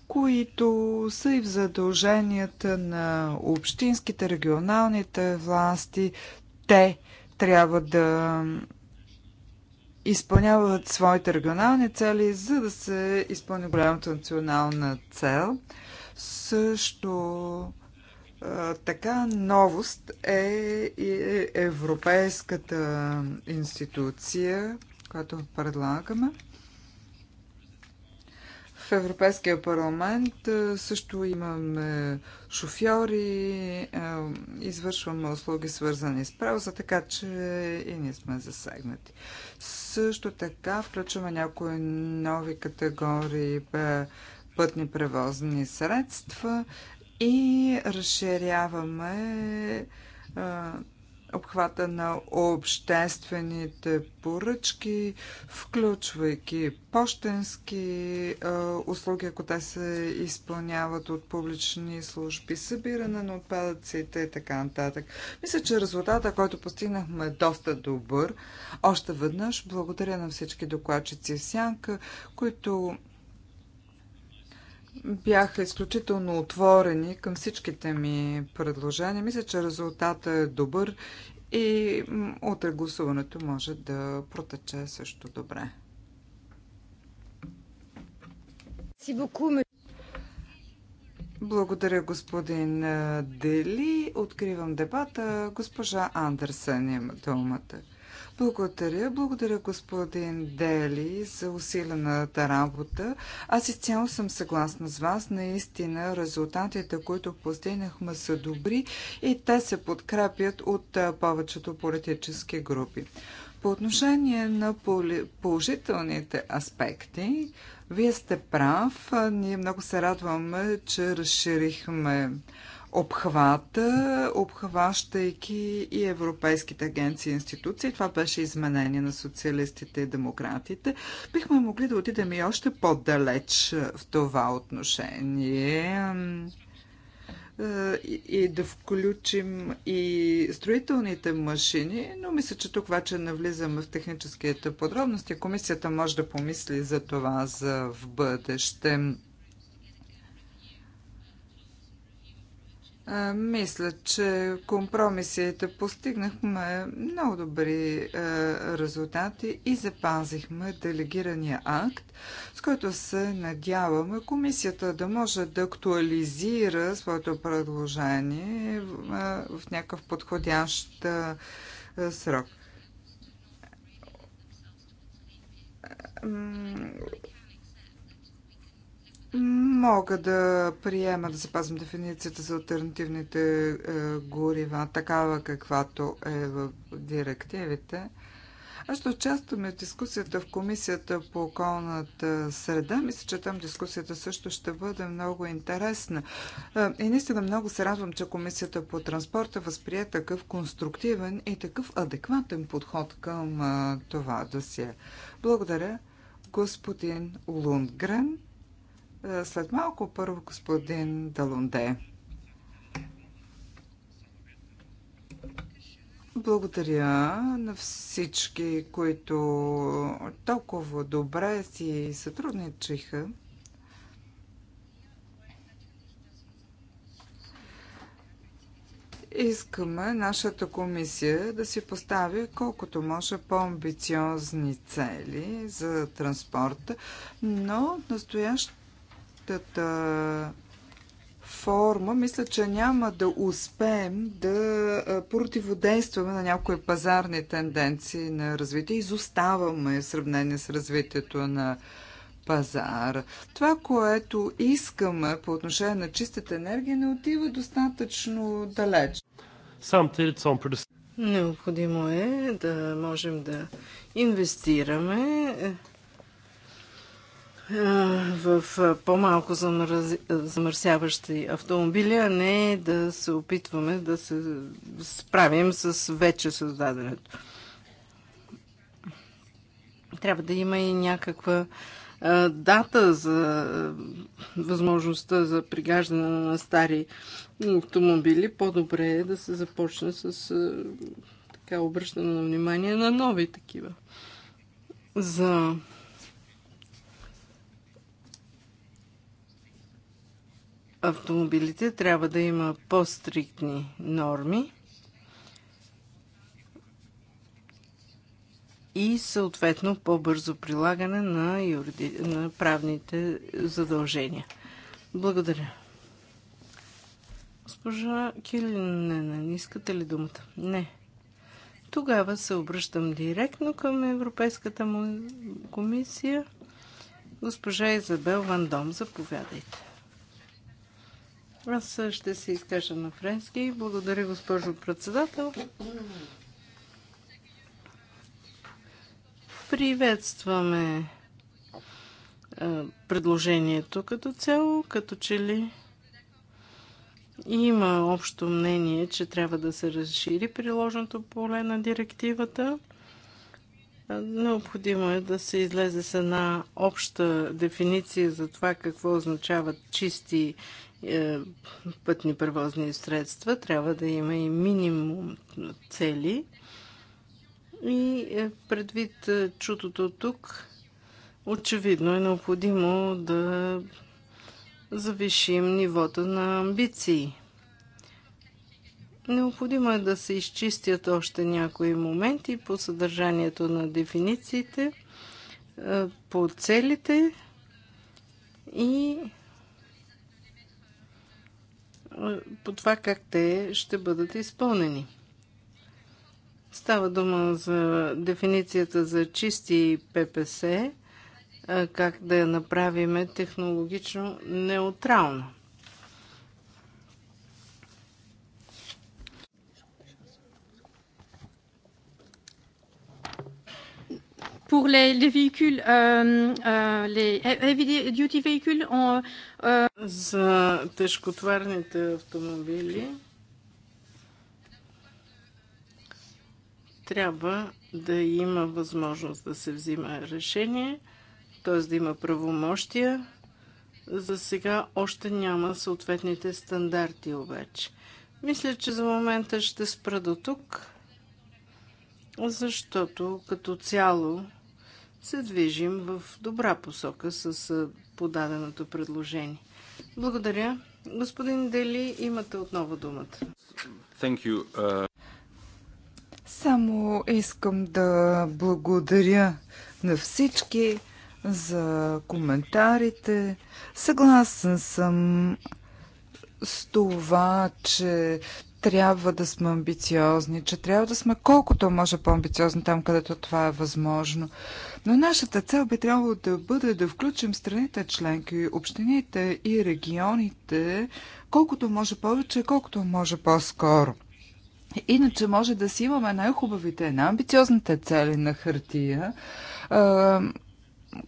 които са и в задълженията на общинските, регионалните власти. Те трябва да изпълняват своите регионални цели, за да се изпълни голямата национална цел. Също така новост е Европейската институция, която предлагаме. В Европейския парламент е, също имаме шофьори, е, извършваме услуги свързани с превоза, така че и ние сме засегнати. Също така включваме някои нови категории е, пътни превозни средства и разширяваме обхвата на обществените поръчки, включвайки почтенски а, услуги, ако те се изпълняват от публични служби, събиране на отпадъците и така нататък. Мисля, че резултата, който постигнахме е доста добър. Още веднъж благодаря на всички докладчици в Сянка, които бяха изключително отворени към всичките ми предложения. Мисля, че резултатът е добър и утре гласуването може да протече също добре. Благодаря, господин Дели. Откривам дебата. Госпожа Андерсен има думата. Благодаря. Благодаря господин Дели за усилената работа. Аз изцяло съм съгласна с вас. Наистина резултатите, които постигнахме са добри и те се подкрепят от повечето политически групи. По отношение на положителните аспекти, вие сте прав. Ние много се радваме, че разширихме обхвата, обхващайки и европейските агенции и институции. Това беше изменение на социалистите и демократите. Бихме могли да отидем и още по-далеч в това отношение и да включим и строителните машини, но мисля, че тук вече навлизаме в техническите подробности. Комисията може да помисли за това за в бъдеще. Мисля, че компромисите постигнахме много добри резултати и запазихме делегирания акт, с който се надяваме комисията да може да актуализира своето предложение в някакъв подходящ срок Мога да приема да запазим дефиницията за альтернативните е, горива, такава каквато е в директивите. Аз ще участваме в дискусията в Комисията по околната среда. Мисля, че там дискусията също ще бъде много интересна. Е, и наистина много се радвам, че Комисията по транспорта възприе такъв конструктивен и такъв адекватен подход към е, това досие. Благодаря, господин Лундгрен. Е, след малко първо господин Далунде. Благодаря на всички, които толкова добре си сътрудничиха. Искаме нашата комисия да си постави колкото може по-амбициозни цели за транспорта, но настоящ настоящата форма, мисля, че няма да успеем да противодействаме на някои пазарни тенденции на развитие. Изоставаме в сравнение с развитието на пазара. Това, което искаме по отношение на чистата енергия, не отива достатъчно далеч. Необходимо е да можем да инвестираме в по-малко замърсяващи автомобили, а не да се опитваме да се справим с вече създаденето. Трябва да има и някаква дата за възможността за пригаждане на стари автомобили. По-добре е да се започне с така обръщане на внимание на нови такива. За автомобилите трябва да има по-стриктни норми и съответно по-бързо прилагане на, юриди... на правните задължения. Благодаря. Госпожа Килинена, искате ли думата? Не. Тогава се обръщам директно към Европейската комисия. Госпожа Изабел Вандом, заповядайте. Аз ще се изкажа на френски. Благодаря, госпожо председател. Приветстваме предложението като цяло, като че ли има общо мнение, че трябва да се разшири приложното поле на директивата – Необходимо е да се излезе с една обща дефиниция за това какво означават чисти е, пътни превозни средства. Трябва да има и минимум цели. И е, предвид е, чутото тук, очевидно е необходимо да завишим нивото на амбиции. Необходимо е да се изчистят още някои моменти по съдържанието на дефинициите, е, по целите и е, по това как те ще бъдат изпълнени. Става дума за дефиницията за чисти ППС, е, как да я направим технологично неутрално. Pour les, les véhicules, euh, euh, les heavy duty véhicules, euh, за тежкотварните автомобили трябва да има възможност да се взима решение, т.е. да има правомощия. За сега още няма съответните стандарти обаче. Мисля, че за момента ще спра до тук, защото като цяло се движим в добра посока с подаденото предложение. Благодаря. Господин Дели, имате отново думата. Thank you. Uh... Само искам да благодаря на всички за коментарите. Съгласен съм с това, че трябва да сме амбициозни, че трябва да сме колкото може по-амбициозни там, където това е възможно. Но нашата цел би трябвало да бъде да включим страните членки, общините и регионите, колкото може повече, колкото може по-скоро. Иначе може да си имаме най-хубавите, най-амбициозните цели на хартия,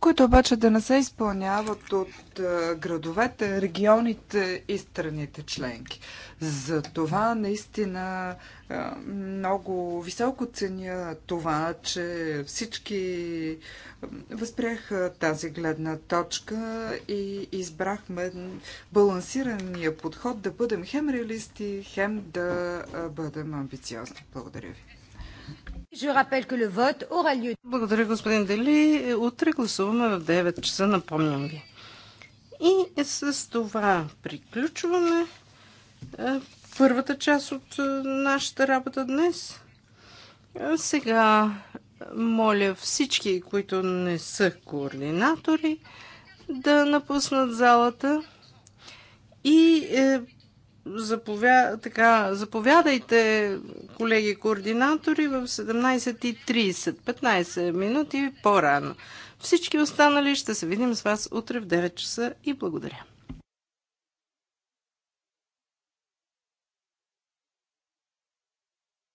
които обаче да не се изпълняват от градовете, регионите и страните членки. За това наистина много високо ценя това, че всички възприеха тази гледна точка и избрахме балансирания подход да бъдем хем реалисти, хем да бъдем амбициозни. Благодаря ви. Благодаря, господин Дели. Утре гласуваме в 9 часа, напомням ви. И с това приключваме е, първата част от е, нашата работа днес. Сега е, моля всички, които не са координатори, да напуснат залата и заповя... така, заповядайте, колеги координатори, в 17.30, 15 минути по-рано. Всички останали ще се видим с вас утре в 9 часа и благодаря.